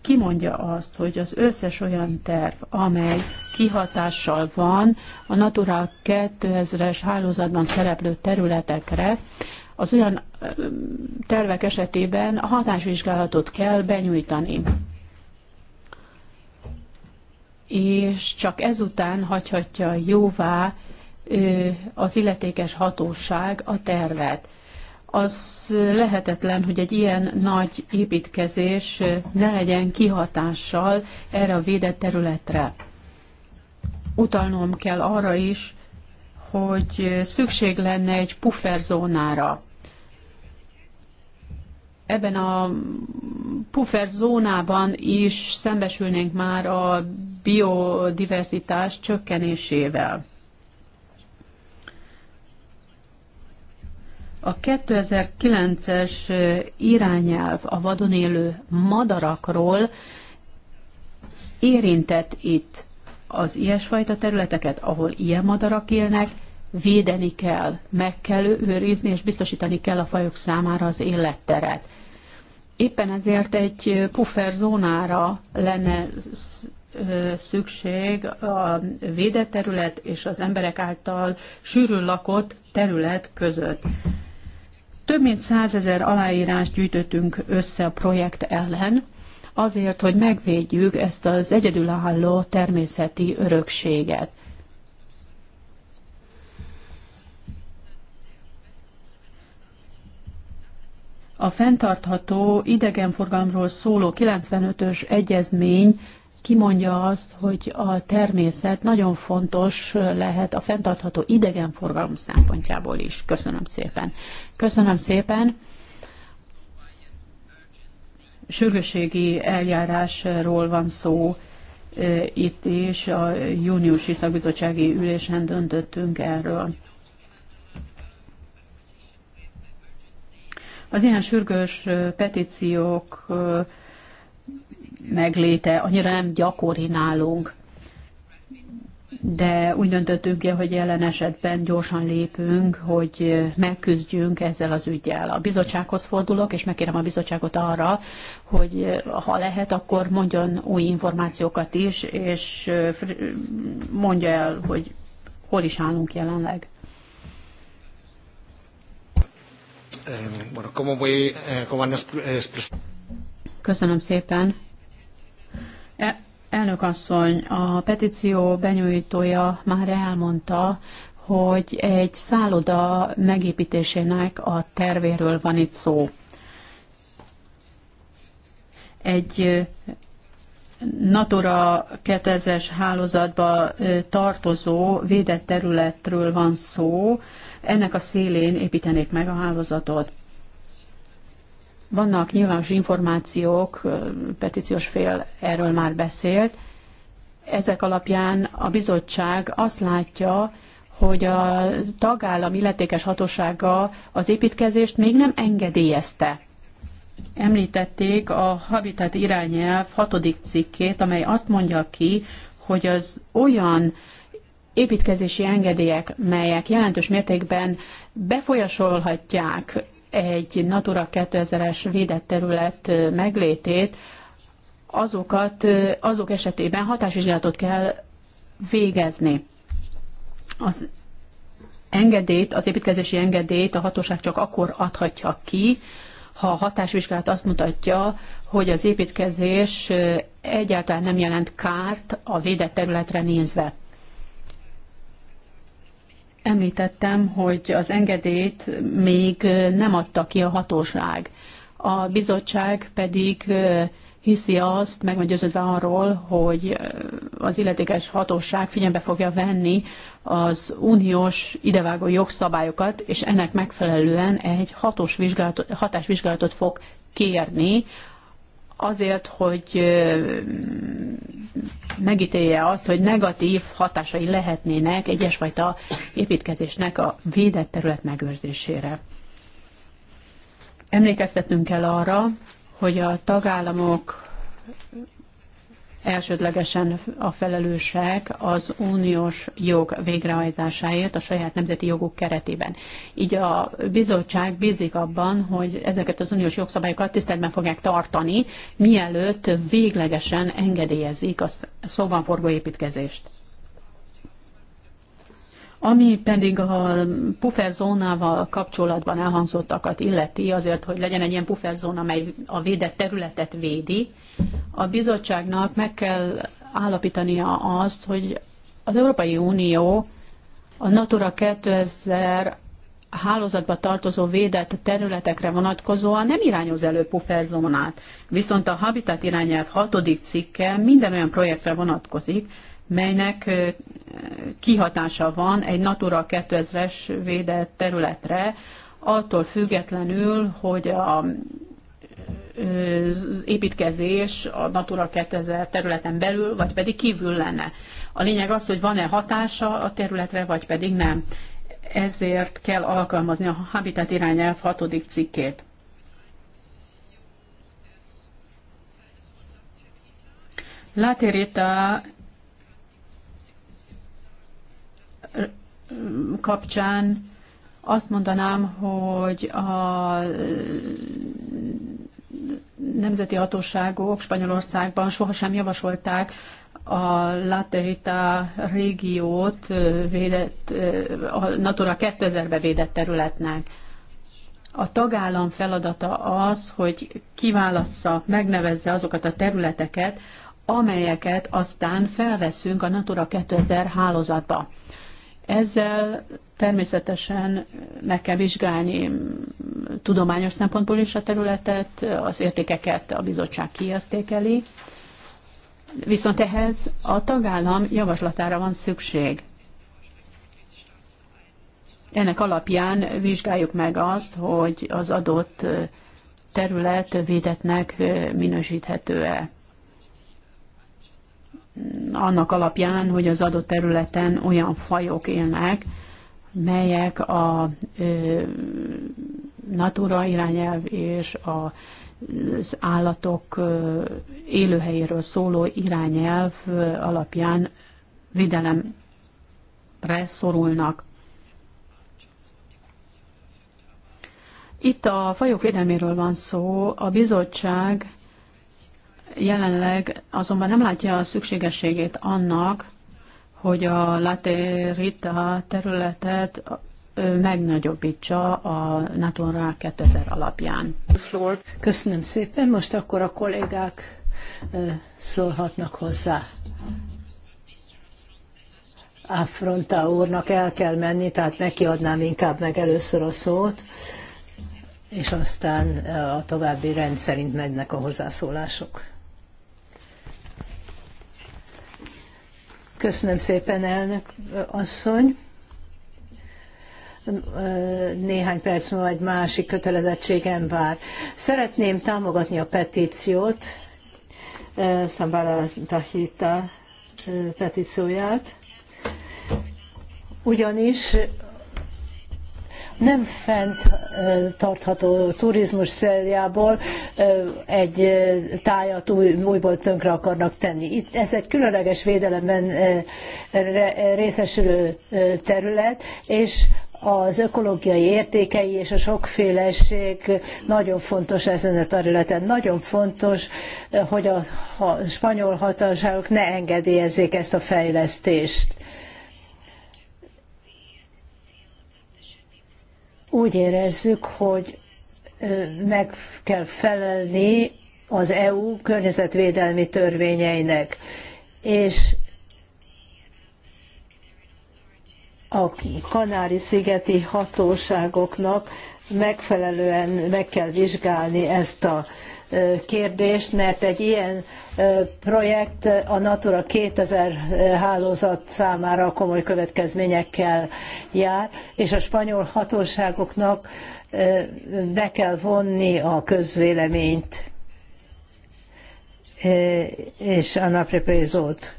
kimondja azt, hogy az összes olyan terv, amely kihatással van a Natura 2000-es hálózatban szereplő területekre, az olyan tervek esetében a hatásvizsgálatot kell benyújtani. És csak ezután hagyhatja jóvá az illetékes hatóság a tervet az lehetetlen, hogy egy ilyen nagy építkezés ne legyen kihatással erre a védett területre. Utalnom kell arra is, hogy szükség lenne egy pufferzónára. Ebben a pufferzónában is szembesülnénk már a biodiverzitás csökkenésével. A 2009-es irányelv a vadon élő madarakról érintett itt az ilyesfajta területeket, ahol ilyen madarak élnek, védeni kell, meg kell őrizni, és biztosítani kell a fajok számára az életteret. Éppen ezért egy pufferzónára lenne szükség a védett terület és az emberek által sűrűn lakott terület között. Több mint százezer aláírást gyűjtöttünk össze a projekt ellen, azért, hogy megvédjük ezt az egyedülálló természeti örökséget. A fenntartható idegenforgalomról szóló 95-ös egyezmény kimondja azt, hogy a természet nagyon fontos lehet a fenntartható idegenforgalom szempontjából is. Köszönöm szépen. Köszönöm szépen. Sürgősségi eljárásról van szó itt is, a júniusi szakbizottsági ülésen döntöttünk erről. Az ilyen sürgős petíciók megléte, annyira nem gyakori nálunk. De úgy döntöttünk ki, hogy jelen esetben gyorsan lépünk, hogy megküzdjünk ezzel az ügyel. A bizottsághoz fordulok, és megkérem a bizottságot arra, hogy ha lehet, akkor mondjon új információkat is, és mondja el, hogy hol is állunk jelenleg. Eh, eh, Köszönöm szépen. E, elnök asszony, a petíció benyújtója már elmondta, hogy egy szálloda megépítésének a tervéről van itt szó. Egy Natura 2000-es hálózatba tartozó védett területről van szó, ennek a szélén építenék meg a hálózatot. Vannak nyilvános információk, petíciós fél erről már beszélt. Ezek alapján a bizottság azt látja, hogy a tagállam illetékes hatósága az építkezést még nem engedélyezte. Említették a Habitat irányelv hatodik cikkét, amely azt mondja ki, hogy az olyan építkezési engedélyek, melyek jelentős mértékben befolyásolhatják egy Natura 2000-es védett terület meglétét, azokat, azok esetében hatásvizsgálatot kell végezni. Az engedélyt, az építkezési engedélyt a hatóság csak akkor adhatja ki, ha a hatásvizsgálat azt mutatja, hogy az építkezés egyáltalán nem jelent kárt a védett területre nézve. Említettem, hogy az engedélyt még nem adta ki a hatóság. A bizottság pedig hiszi azt, meg van győződve arról, hogy az illetékes hatóság figyelembe fogja venni az uniós idevágó jogszabályokat, és ennek megfelelően egy hatós vizsgálatot, hatásvizsgálatot fog kérni azért, hogy megítélje azt, hogy negatív hatásai lehetnének egyesfajta építkezésnek a védett terület megőrzésére. Emlékeztetnünk kell arra, hogy a tagállamok elsődlegesen a felelősek az uniós jog végrehajtásáért a saját nemzeti joguk keretében. Így a bizottság bízik abban, hogy ezeket az uniós jogszabályokat tiszteletben fogják tartani, mielőtt véglegesen engedélyezik a szóban forgó építkezést. Ami pedig a pufferzónával kapcsolatban elhangzottakat illeti, azért, hogy legyen egy ilyen pufferzóna, amely a védett területet védi, a bizottságnak meg kell állapítania azt, hogy az Európai Unió a Natura 2000 hálózatba tartozó védett területekre vonatkozóan nem irányoz elő pufferzónát, viszont a Habitat irányelv hatodik cikke minden olyan projektre vonatkozik, melynek kihatása van egy Natura 2000-es védett területre, attól függetlenül, hogy a, az építkezés a Natura 2000 területen belül, vagy pedig kívül lenne. A lényeg az, hogy van-e hatása a területre, vagy pedig nem. Ezért kell alkalmazni a Habitat irányelv hatodik cikkét. Laterita kapcsán azt mondanám, hogy a nemzeti hatóságok Spanyolországban sohasem javasolták a Laterita régiót védett, a Natura 2000-be védett területnek. A tagállam feladata az, hogy kiválassza, megnevezze azokat a területeket, amelyeket aztán felveszünk a Natura 2000 hálózatba. Ezzel természetesen meg kell vizsgálni tudományos szempontból is a területet, az értékeket a bizottság kiértékeli, viszont ehhez a tagállam javaslatára van szükség. Ennek alapján vizsgáljuk meg azt, hogy az adott terület védetnek minősíthető-e annak alapján, hogy az adott területen olyan fajok élnek, melyek a ö, Natura irányelv és a, az állatok ö, élőhelyéről szóló irányelv ö, alapján védelemre szorulnak. Itt a fajok védelméről van szó. A bizottság Jelenleg azonban nem látja a szükségességét annak, hogy a Laterita területet megnagyobbítsa a nato 2000 alapján. Köszönöm szépen, most akkor a kollégák szólhatnak hozzá. Affronta úrnak el kell menni, tehát neki adnám inkább meg először a szót, és aztán a további rendszerint mennek a hozzászólások. Köszönöm szépen, elnök asszony. Néhány perc múlva egy másik kötelezettségem vár. Szeretném támogatni a petíciót, Szambara Tahita petícióját, ugyanis nem fent tartható turizmus céljából egy tájat új, újból tönkre akarnak tenni. Itt ez egy különleges védelemben részesülő terület, és az ökológiai értékei és a sokféleség nagyon fontos ezen a területen. Nagyon fontos, hogy a, spanyol hatóságok ne engedélyezzék ezt a fejlesztést úgy érezzük, hogy meg kell felelni az EU környezetvédelmi törvényeinek, és a Kanári-szigeti hatóságoknak megfelelően meg kell vizsgálni ezt a kérdést, mert egy ilyen projekt a Natura 2000 hálózat számára komoly következményekkel jár, és a spanyol hatóságoknak be kell vonni a közvéleményt és a napreprézót.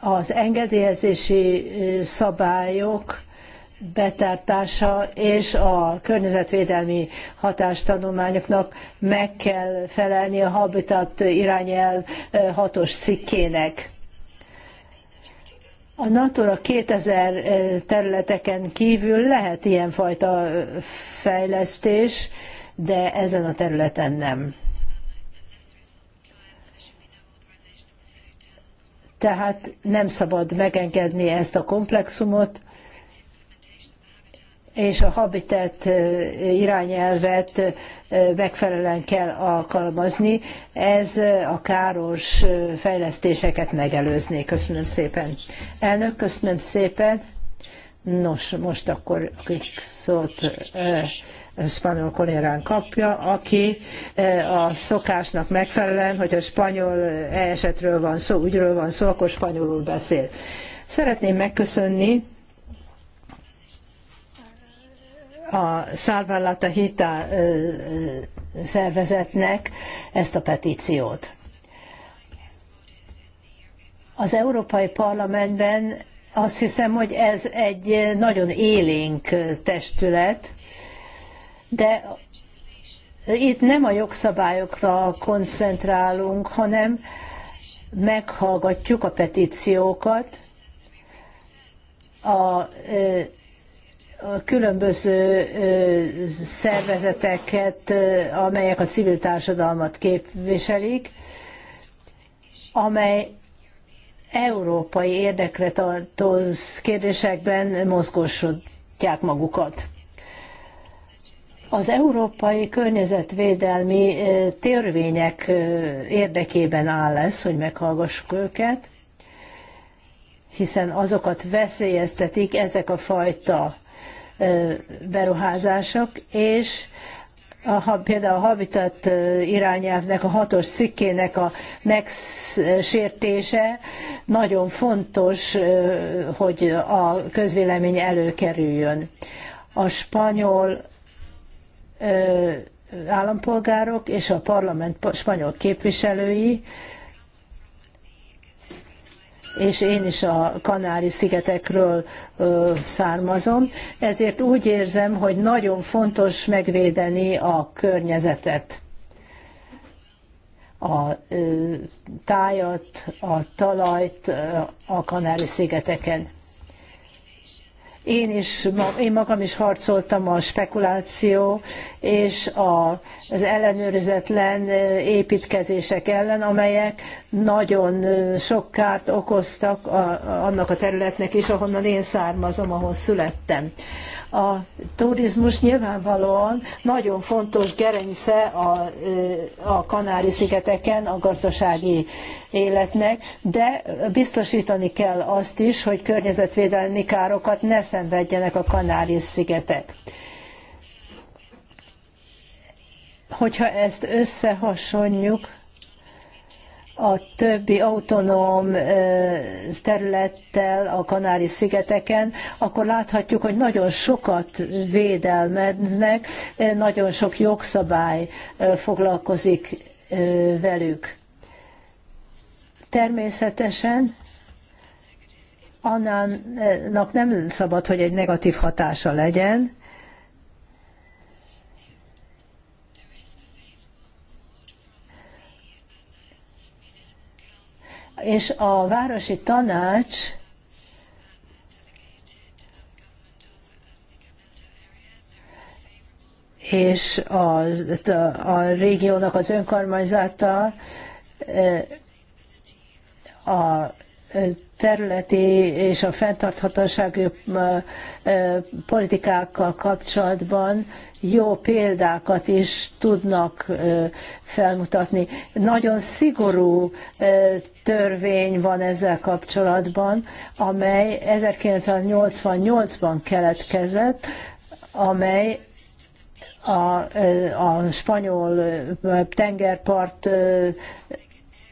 Az engedélyezési szabályok betartása és a környezetvédelmi hatástanulmányoknak meg kell felelni a Habitat irányelv hatos cikkének. A Natura 2000 területeken kívül lehet ilyenfajta fejlesztés, de ezen a területen nem. Tehát nem szabad megengedni ezt a komplexumot, és a habitat irányelvet megfelelően kell alkalmazni. Ez a káros fejlesztéseket megelőzné. Köszönöm szépen. Elnök, köszönöm szépen. Nos, most akkor a szót spanyol kollégán kapja, aki a szokásnak megfelelően, hogy a spanyol esetről van szó, ügyről van szó, akkor spanyolul beszél. Szeretném megköszönni a Szárvállata Hita szervezetnek ezt a petíciót. Az Európai Parlamentben azt hiszem, hogy ez egy nagyon élénk testület, de itt nem a jogszabályokra koncentrálunk, hanem meghallgatjuk a petíciókat, a a különböző szervezeteket, amelyek a civil társadalmat képviselik, amely európai érdekre tartoz kérdésekben mozgósodják magukat. Az európai környezetvédelmi törvények érdekében áll ez, hogy meghallgassuk őket, hiszen azokat veszélyeztetik ezek a fajta beruházások, és a, például a Habitat irányelvnek, a hatos cikkének a megsértése nagyon fontos, hogy a közvélemény előkerüljön. A spanyol állampolgárok és a parlament spanyol képviselői és én is a Kanári-szigetekről származom, ezért úgy érzem, hogy nagyon fontos megvédeni a környezetet a tájat, a talajt a Kanári-szigeteken. Én, is, én magam is harcoltam a spekuláció és az ellenőrizetlen építkezések ellen, amelyek nagyon sok kárt okoztak annak a területnek is, ahonnan én származom, ahol születtem. A turizmus nyilvánvalóan nagyon fontos gerence a, a Kanári-szigeteken a gazdasági életnek, de biztosítani kell azt is, hogy környezetvédelmi károkat ne szenvedjenek a Kanári-szigetek hogyha ezt összehasonljuk a többi autonóm területtel, a Kanári-szigeteken, akkor láthatjuk, hogy nagyon sokat védelmeznek, nagyon sok jogszabály foglalkozik velük. Természetesen annának nem szabad, hogy egy negatív hatása legyen, és a városi tanács és a, a régiónak az önkormányzata a területi és a fenntarthatósági politikákkal kapcsolatban jó példákat is tudnak felmutatni. Nagyon szigorú törvény van ezzel kapcsolatban, amely 1988-ban keletkezett, amely a, a spanyol tengerpart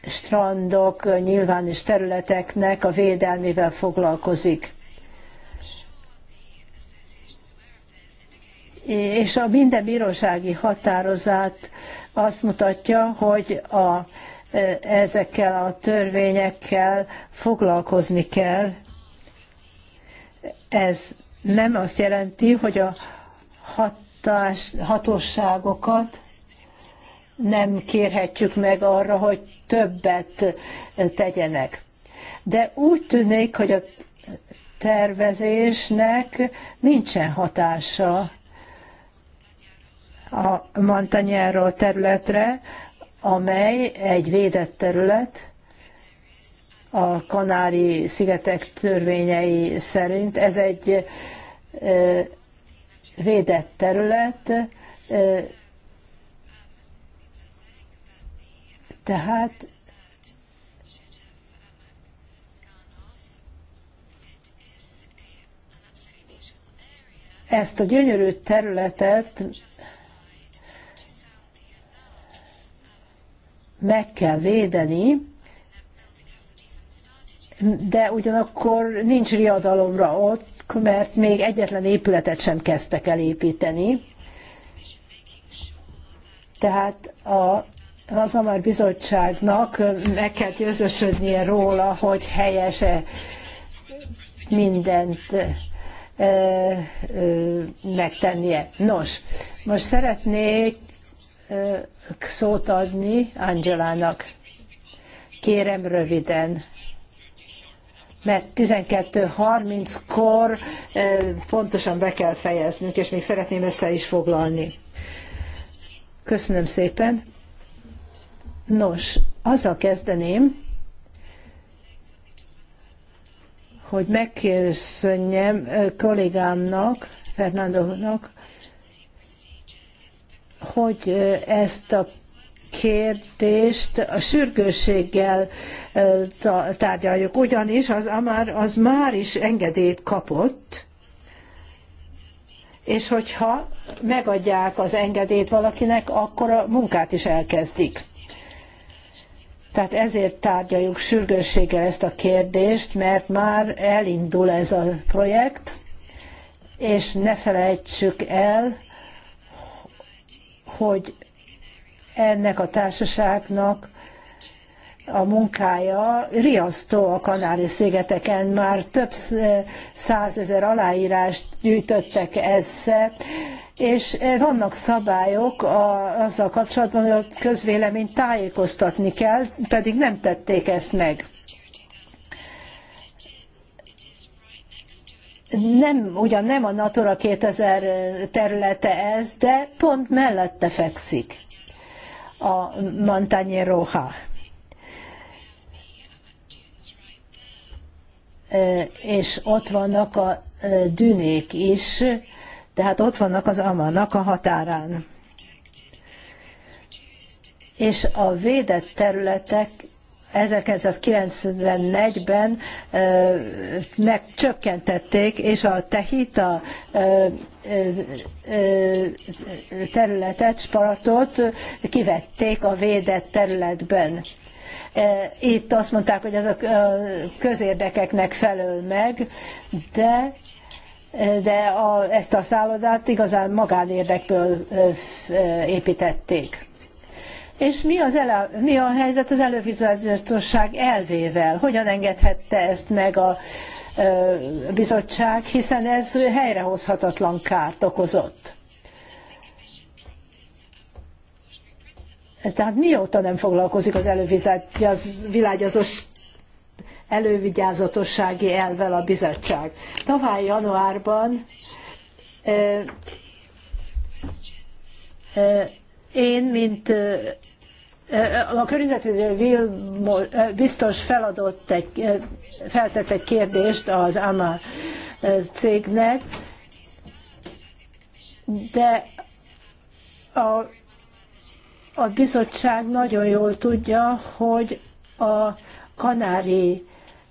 strandok, nyilvános területeknek a védelmével foglalkozik. És a minden bírósági határozat azt mutatja, hogy a, ezekkel a törvényekkel foglalkozni kell. Ez nem azt jelenti, hogy a hatás, hatóságokat nem kérhetjük meg arra, hogy többet tegyenek. De úgy tűnik, hogy a tervezésnek nincsen hatása a Montanyáról területre, amely egy védett terület, a Kanári szigetek törvényei szerint. Ez egy védett terület, Tehát ezt a gyönyörű területet meg kell védeni, de ugyanakkor nincs riadalomra ott, mert még egyetlen épületet sem kezdtek el építeni. Tehát a az Amar Bizottságnak meg kell győzösödnie róla, hogy helyese mindent megtennie. Nos, most szeretnék szót adni Angelának. Kérem röviden, mert 12.30-kor pontosan be kell fejeznünk, és még szeretném össze is foglalni. Köszönöm szépen. Nos, azzal kezdeném, hogy megköszönjem kollégámnak, Fernandónak, hogy ezt a kérdést a sürgősséggel tárgyaljuk, ugyanis az, már, az már is engedélyt kapott, és hogyha megadják az engedélyt valakinek, akkor a munkát is elkezdik. Tehát ezért tárgyaljuk sürgősséggel ezt a kérdést, mert már elindul ez a projekt, és ne felejtsük el, hogy ennek a társaságnak a munkája riasztó a Kanári-szigeteken. Már több százezer aláírást gyűjtöttek ezzel, és vannak szabályok a, azzal kapcsolatban, hogy a közvéleményt tájékoztatni kell, pedig nem tették ezt meg. Nem, ugyan nem a Natura 2000 területe ez, de pont mellette fekszik a Montagne Roja és ott vannak a dünék is, tehát ott vannak az Amannak a határán. És a védett területek 1994-ben megcsökkentették, és a Tehita területet, Spartot kivették a védett területben Eh, itt azt mondták, hogy ez a közérdekeknek felől meg, de eh, de a, ezt a szállodát igazán magánérdekből eh, építették. És mi, az ele, mi a helyzet az előfizetőség elvével? Hogyan engedhette ezt meg a bizottság, hiszen ez helyrehozhatatlan kárt okozott? Tehát mióta nem foglalkozik az elővilágyazos elővigyázatossági elvel a bizottság. Tavaly januárban én, mint ö, a környezetvédelmi biztos feladott egy, feltett egy kérdést az AMA cégnek, de a a bizottság nagyon jól tudja, hogy a kanári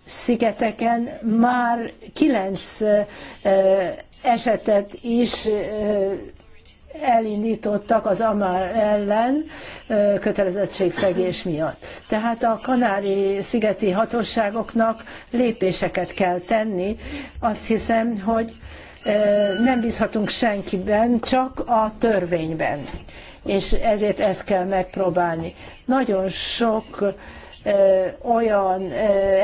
szigeteken már kilenc esetet is elindítottak az Amár ellen kötelezettségszegés miatt. Tehát a Kanári-szigeti hatóságoknak lépéseket kell tenni. Azt hiszem, hogy nem bízhatunk senkiben, csak a törvényben és ezért ezt kell megpróbálni. Nagyon sok olyan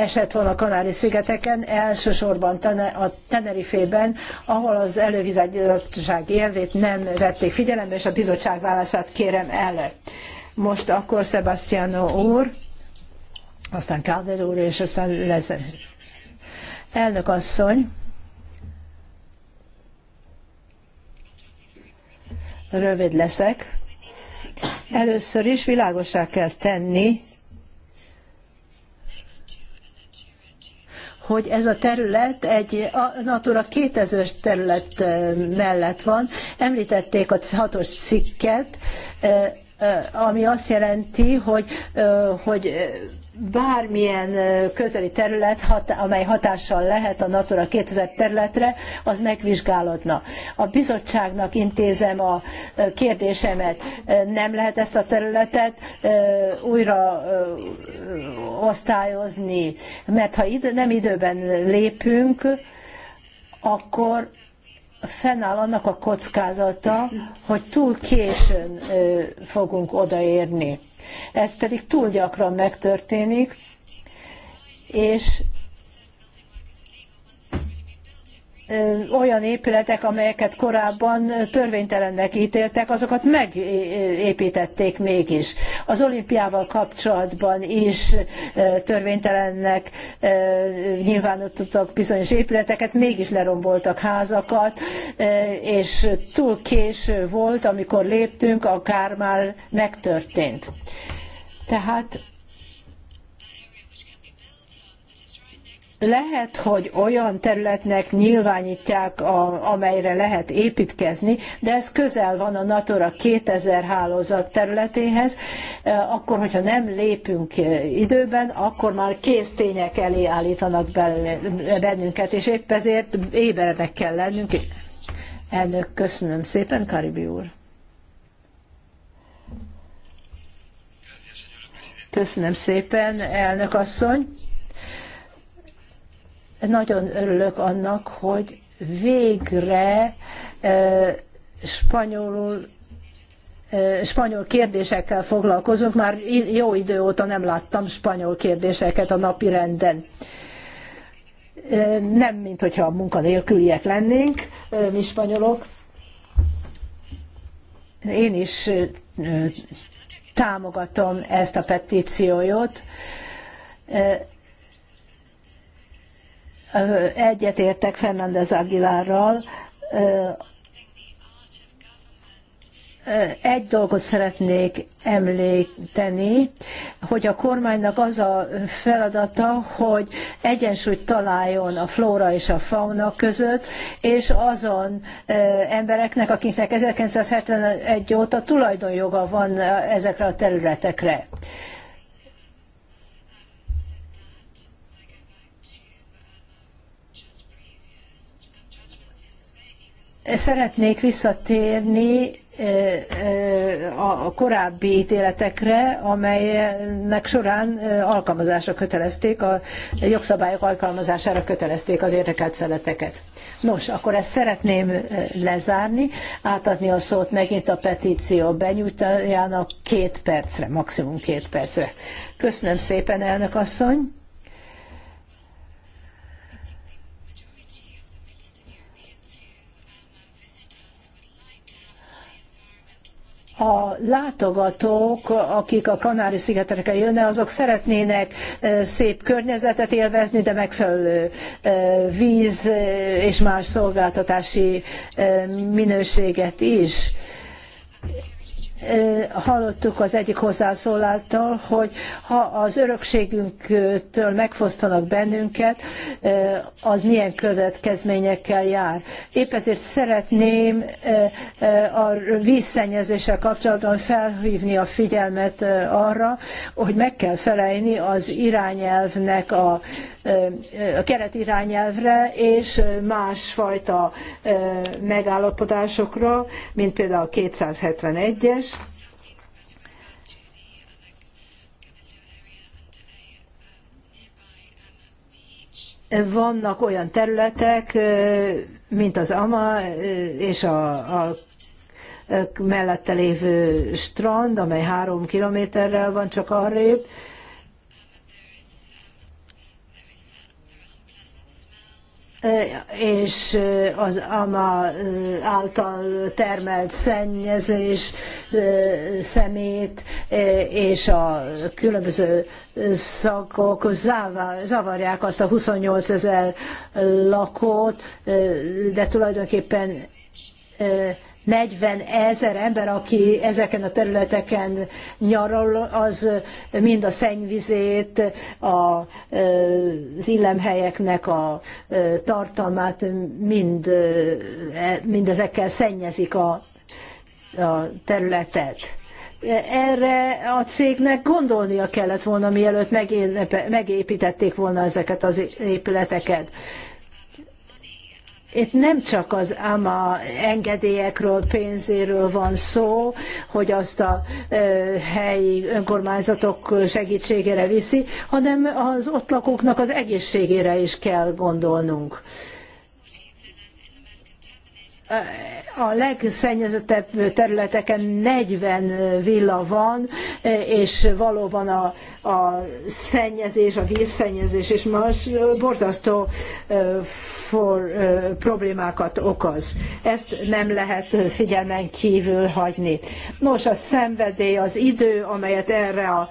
eset van a Kanári-szigeteken, elsősorban a Tenerife-ben, ahol az elővizetság érvét nem vették figyelembe, és a bizottság válaszát kérem elő. Most akkor Sebastiano úr, aztán Káder úr, és aztán Lezer. Elnök asszony, rövid leszek Először is világosá kell tenni, hogy ez a terület egy Natura 2000-es terület mellett van. Említették a 6-os cikket, ami azt jelenti, hogy, hogy bármilyen közeli terület, amely hatással lehet a Natura 2000 területre, az megvizsgálódna. A bizottságnak intézem a kérdésemet. Nem lehet ezt a területet újra osztályozni, mert ha nem időben lépünk, akkor fennáll annak a kockázata, hogy túl későn fogunk odaérni ez pedig túl gyakran megtörténik, és olyan épületek, amelyeket korábban törvénytelennek ítéltek, azokat megépítették mégis. Az olimpiával kapcsolatban is törvénytelennek nyilvánítottak bizonyos épületeket, mégis leromboltak házakat, és túl késő volt, amikor léptünk, akár már megtörtént. Tehát Lehet, hogy olyan területnek nyilvánítják, a, amelyre lehet építkezni, de ez közel van a Natura 2000 hálózat területéhez, e, akkor, hogyha nem lépünk e, időben, akkor már kész tények elé állítanak bennünket, és épp ezért éberednek kell lennünk. Elnök, köszönöm szépen, Karibi úr. Köszönöm szépen, elnök asszony. Nagyon örülök annak, hogy végre spanyolul spanyol kérdésekkel foglalkozunk, már jó idő óta nem láttam spanyol kérdéseket a napi renden. Nem, mint hogyha a munkanélküliek lennénk, mi spanyolok. Én is támogatom ezt a petíciót Egyetértek Fernández Aguilárral. Egy dolgot szeretnék említeni, hogy a kormánynak az a feladata, hogy egyensúlyt találjon a flóra és a fauna között, és azon embereknek, akiknek 1971 óta tulajdonjoga van ezekre a területekre. Szeretnék visszatérni a korábbi ítéletekre, amelynek során alkalmazásra kötelezték, a jogszabályok alkalmazására kötelezték az érdekelt feleteket. Nos, akkor ezt szeretném lezárni, átadni a szót megint a petíció benyújtójának két percre, maximum két percre. Köszönöm szépen, elnök asszony! a látogatók, akik a Kanári-szigetekre jönnek, azok szeretnének szép környezetet élvezni, de megfelelő víz és más szolgáltatási minőséget is hallottuk az egyik hozzászóláltal, hogy ha az örökségünktől megfosztanak bennünket, az milyen következményekkel jár. Épp ezért szeretném a vízszennyezéssel kapcsolatban felhívni a figyelmet arra, hogy meg kell felelni az irányelvnek a, a keretirányelvre és másfajta megállapodásokra, mint például a 271-es, Vannak olyan területek, mint az AMA és a, a mellette lévő strand, amely három kilométerrel van csak arrébb, és az AMA által termelt szennyezés, szemét és a különböző szakok zavarják azt a 28 ezer lakót, de tulajdonképpen 40 ezer ember, aki ezeken a területeken nyaral, az mind a szennyvizét, a, az illemhelyeknek a tartalmát mind, e, mindezekkel szennyezik a, a területet erre a cégnek gondolnia kellett volna, mielőtt megépítették volna ezeket az épületeket. Itt nem csak az AMA engedélyekről, pénzéről van szó, hogy azt a helyi önkormányzatok segítségére viszi, hanem az ott lakóknak az egészségére is kell gondolnunk a legszennyezettebb területeken 40 villa van, és valóban a, a szennyezés, a vízszennyezés és más borzasztó for, problémákat okoz. Ezt nem lehet figyelmen kívül hagyni. Nos, a szenvedély, az idő, amelyet erre a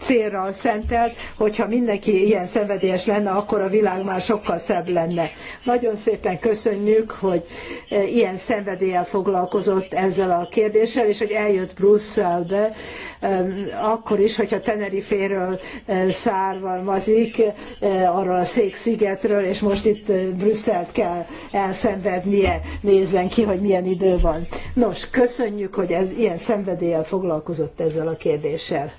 célra szentelt, hogyha mindenki ilyen szenvedélyes lenne, akkor a világ már sokkal szebb lenne. Nagyon szépen köszönjük örülünk, hogy eh, ilyen szenvedéllyel foglalkozott ezzel a kérdéssel, és hogy eljött Brüsszelbe, eh, akkor is, hogyha Teneriféről eh, származik, arról a Székszigetről, és most itt Brüsszelt kell elszenvednie, nézzen ki, hogy milyen idő van. Nos, köszönjük, hogy ez ilyen szenvedéllyel foglalkozott ezzel a kérdéssel.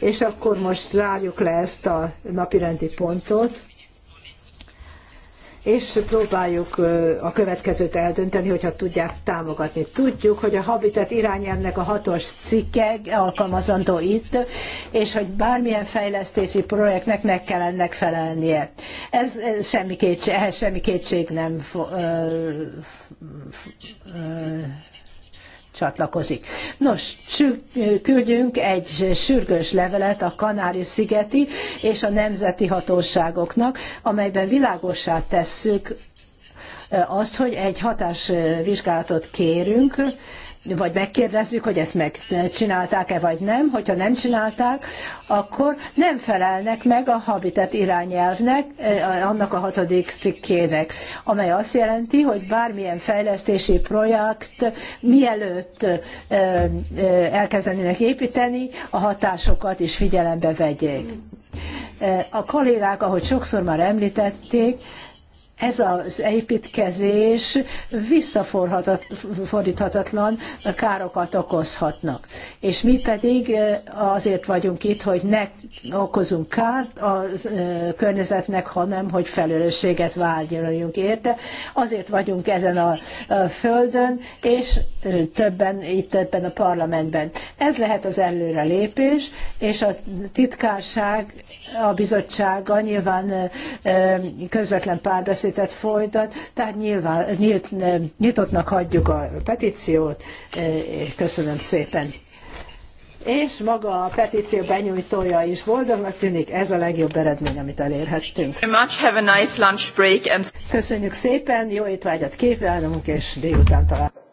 És akkor most zárjuk le ezt a napirendi pontot és próbáljuk a következőt eldönteni, hogyha tudják támogatni. Tudjuk, hogy a Habitat irányelvnek a hatos cikke alkalmazandó itt, és hogy bármilyen fejlesztési projektnek meg kell ennek felelnie. Ez semmi kétség, ehhez semmi kétség nem csatlakozik. Nos, küldjünk egy sürgős levelet a Kanári-szigeti és a nemzeti hatóságoknak, amelyben világossá tesszük azt, hogy egy hatásvizsgálatot kérünk, vagy megkérdezzük, hogy ezt megcsinálták-e vagy nem, hogyha nem csinálták, akkor nem felelnek meg a Habitat irányelvnek, eh, annak a hatodik cikkének, amely azt jelenti, hogy bármilyen fejlesztési projekt mielőtt eh, eh, elkezdenének építeni, a hatásokat is figyelembe vegyék. A kollégák, ahogy sokszor már említették, ez az építkezés visszafordíthatatlan károkat okozhatnak. És mi pedig azért vagyunk itt, hogy ne okozunk kárt a környezetnek, hanem hogy felelősséget vállaljunk érte. Azért vagyunk ezen a földön, és többen itt ebben a parlamentben. Ez lehet az előrelépés, és a titkárság a bizottsága nyilván közvetlen párbeszédet folytat, tehát nyilván nyitottnak hagyjuk a petíciót. Köszönöm szépen. És maga a petíció benyújtója is boldognak tűnik, ez a legjobb eredmény, amit elérhettünk. Köszönjük szépen, jó étvágyat kívánunk, és délután találkozunk.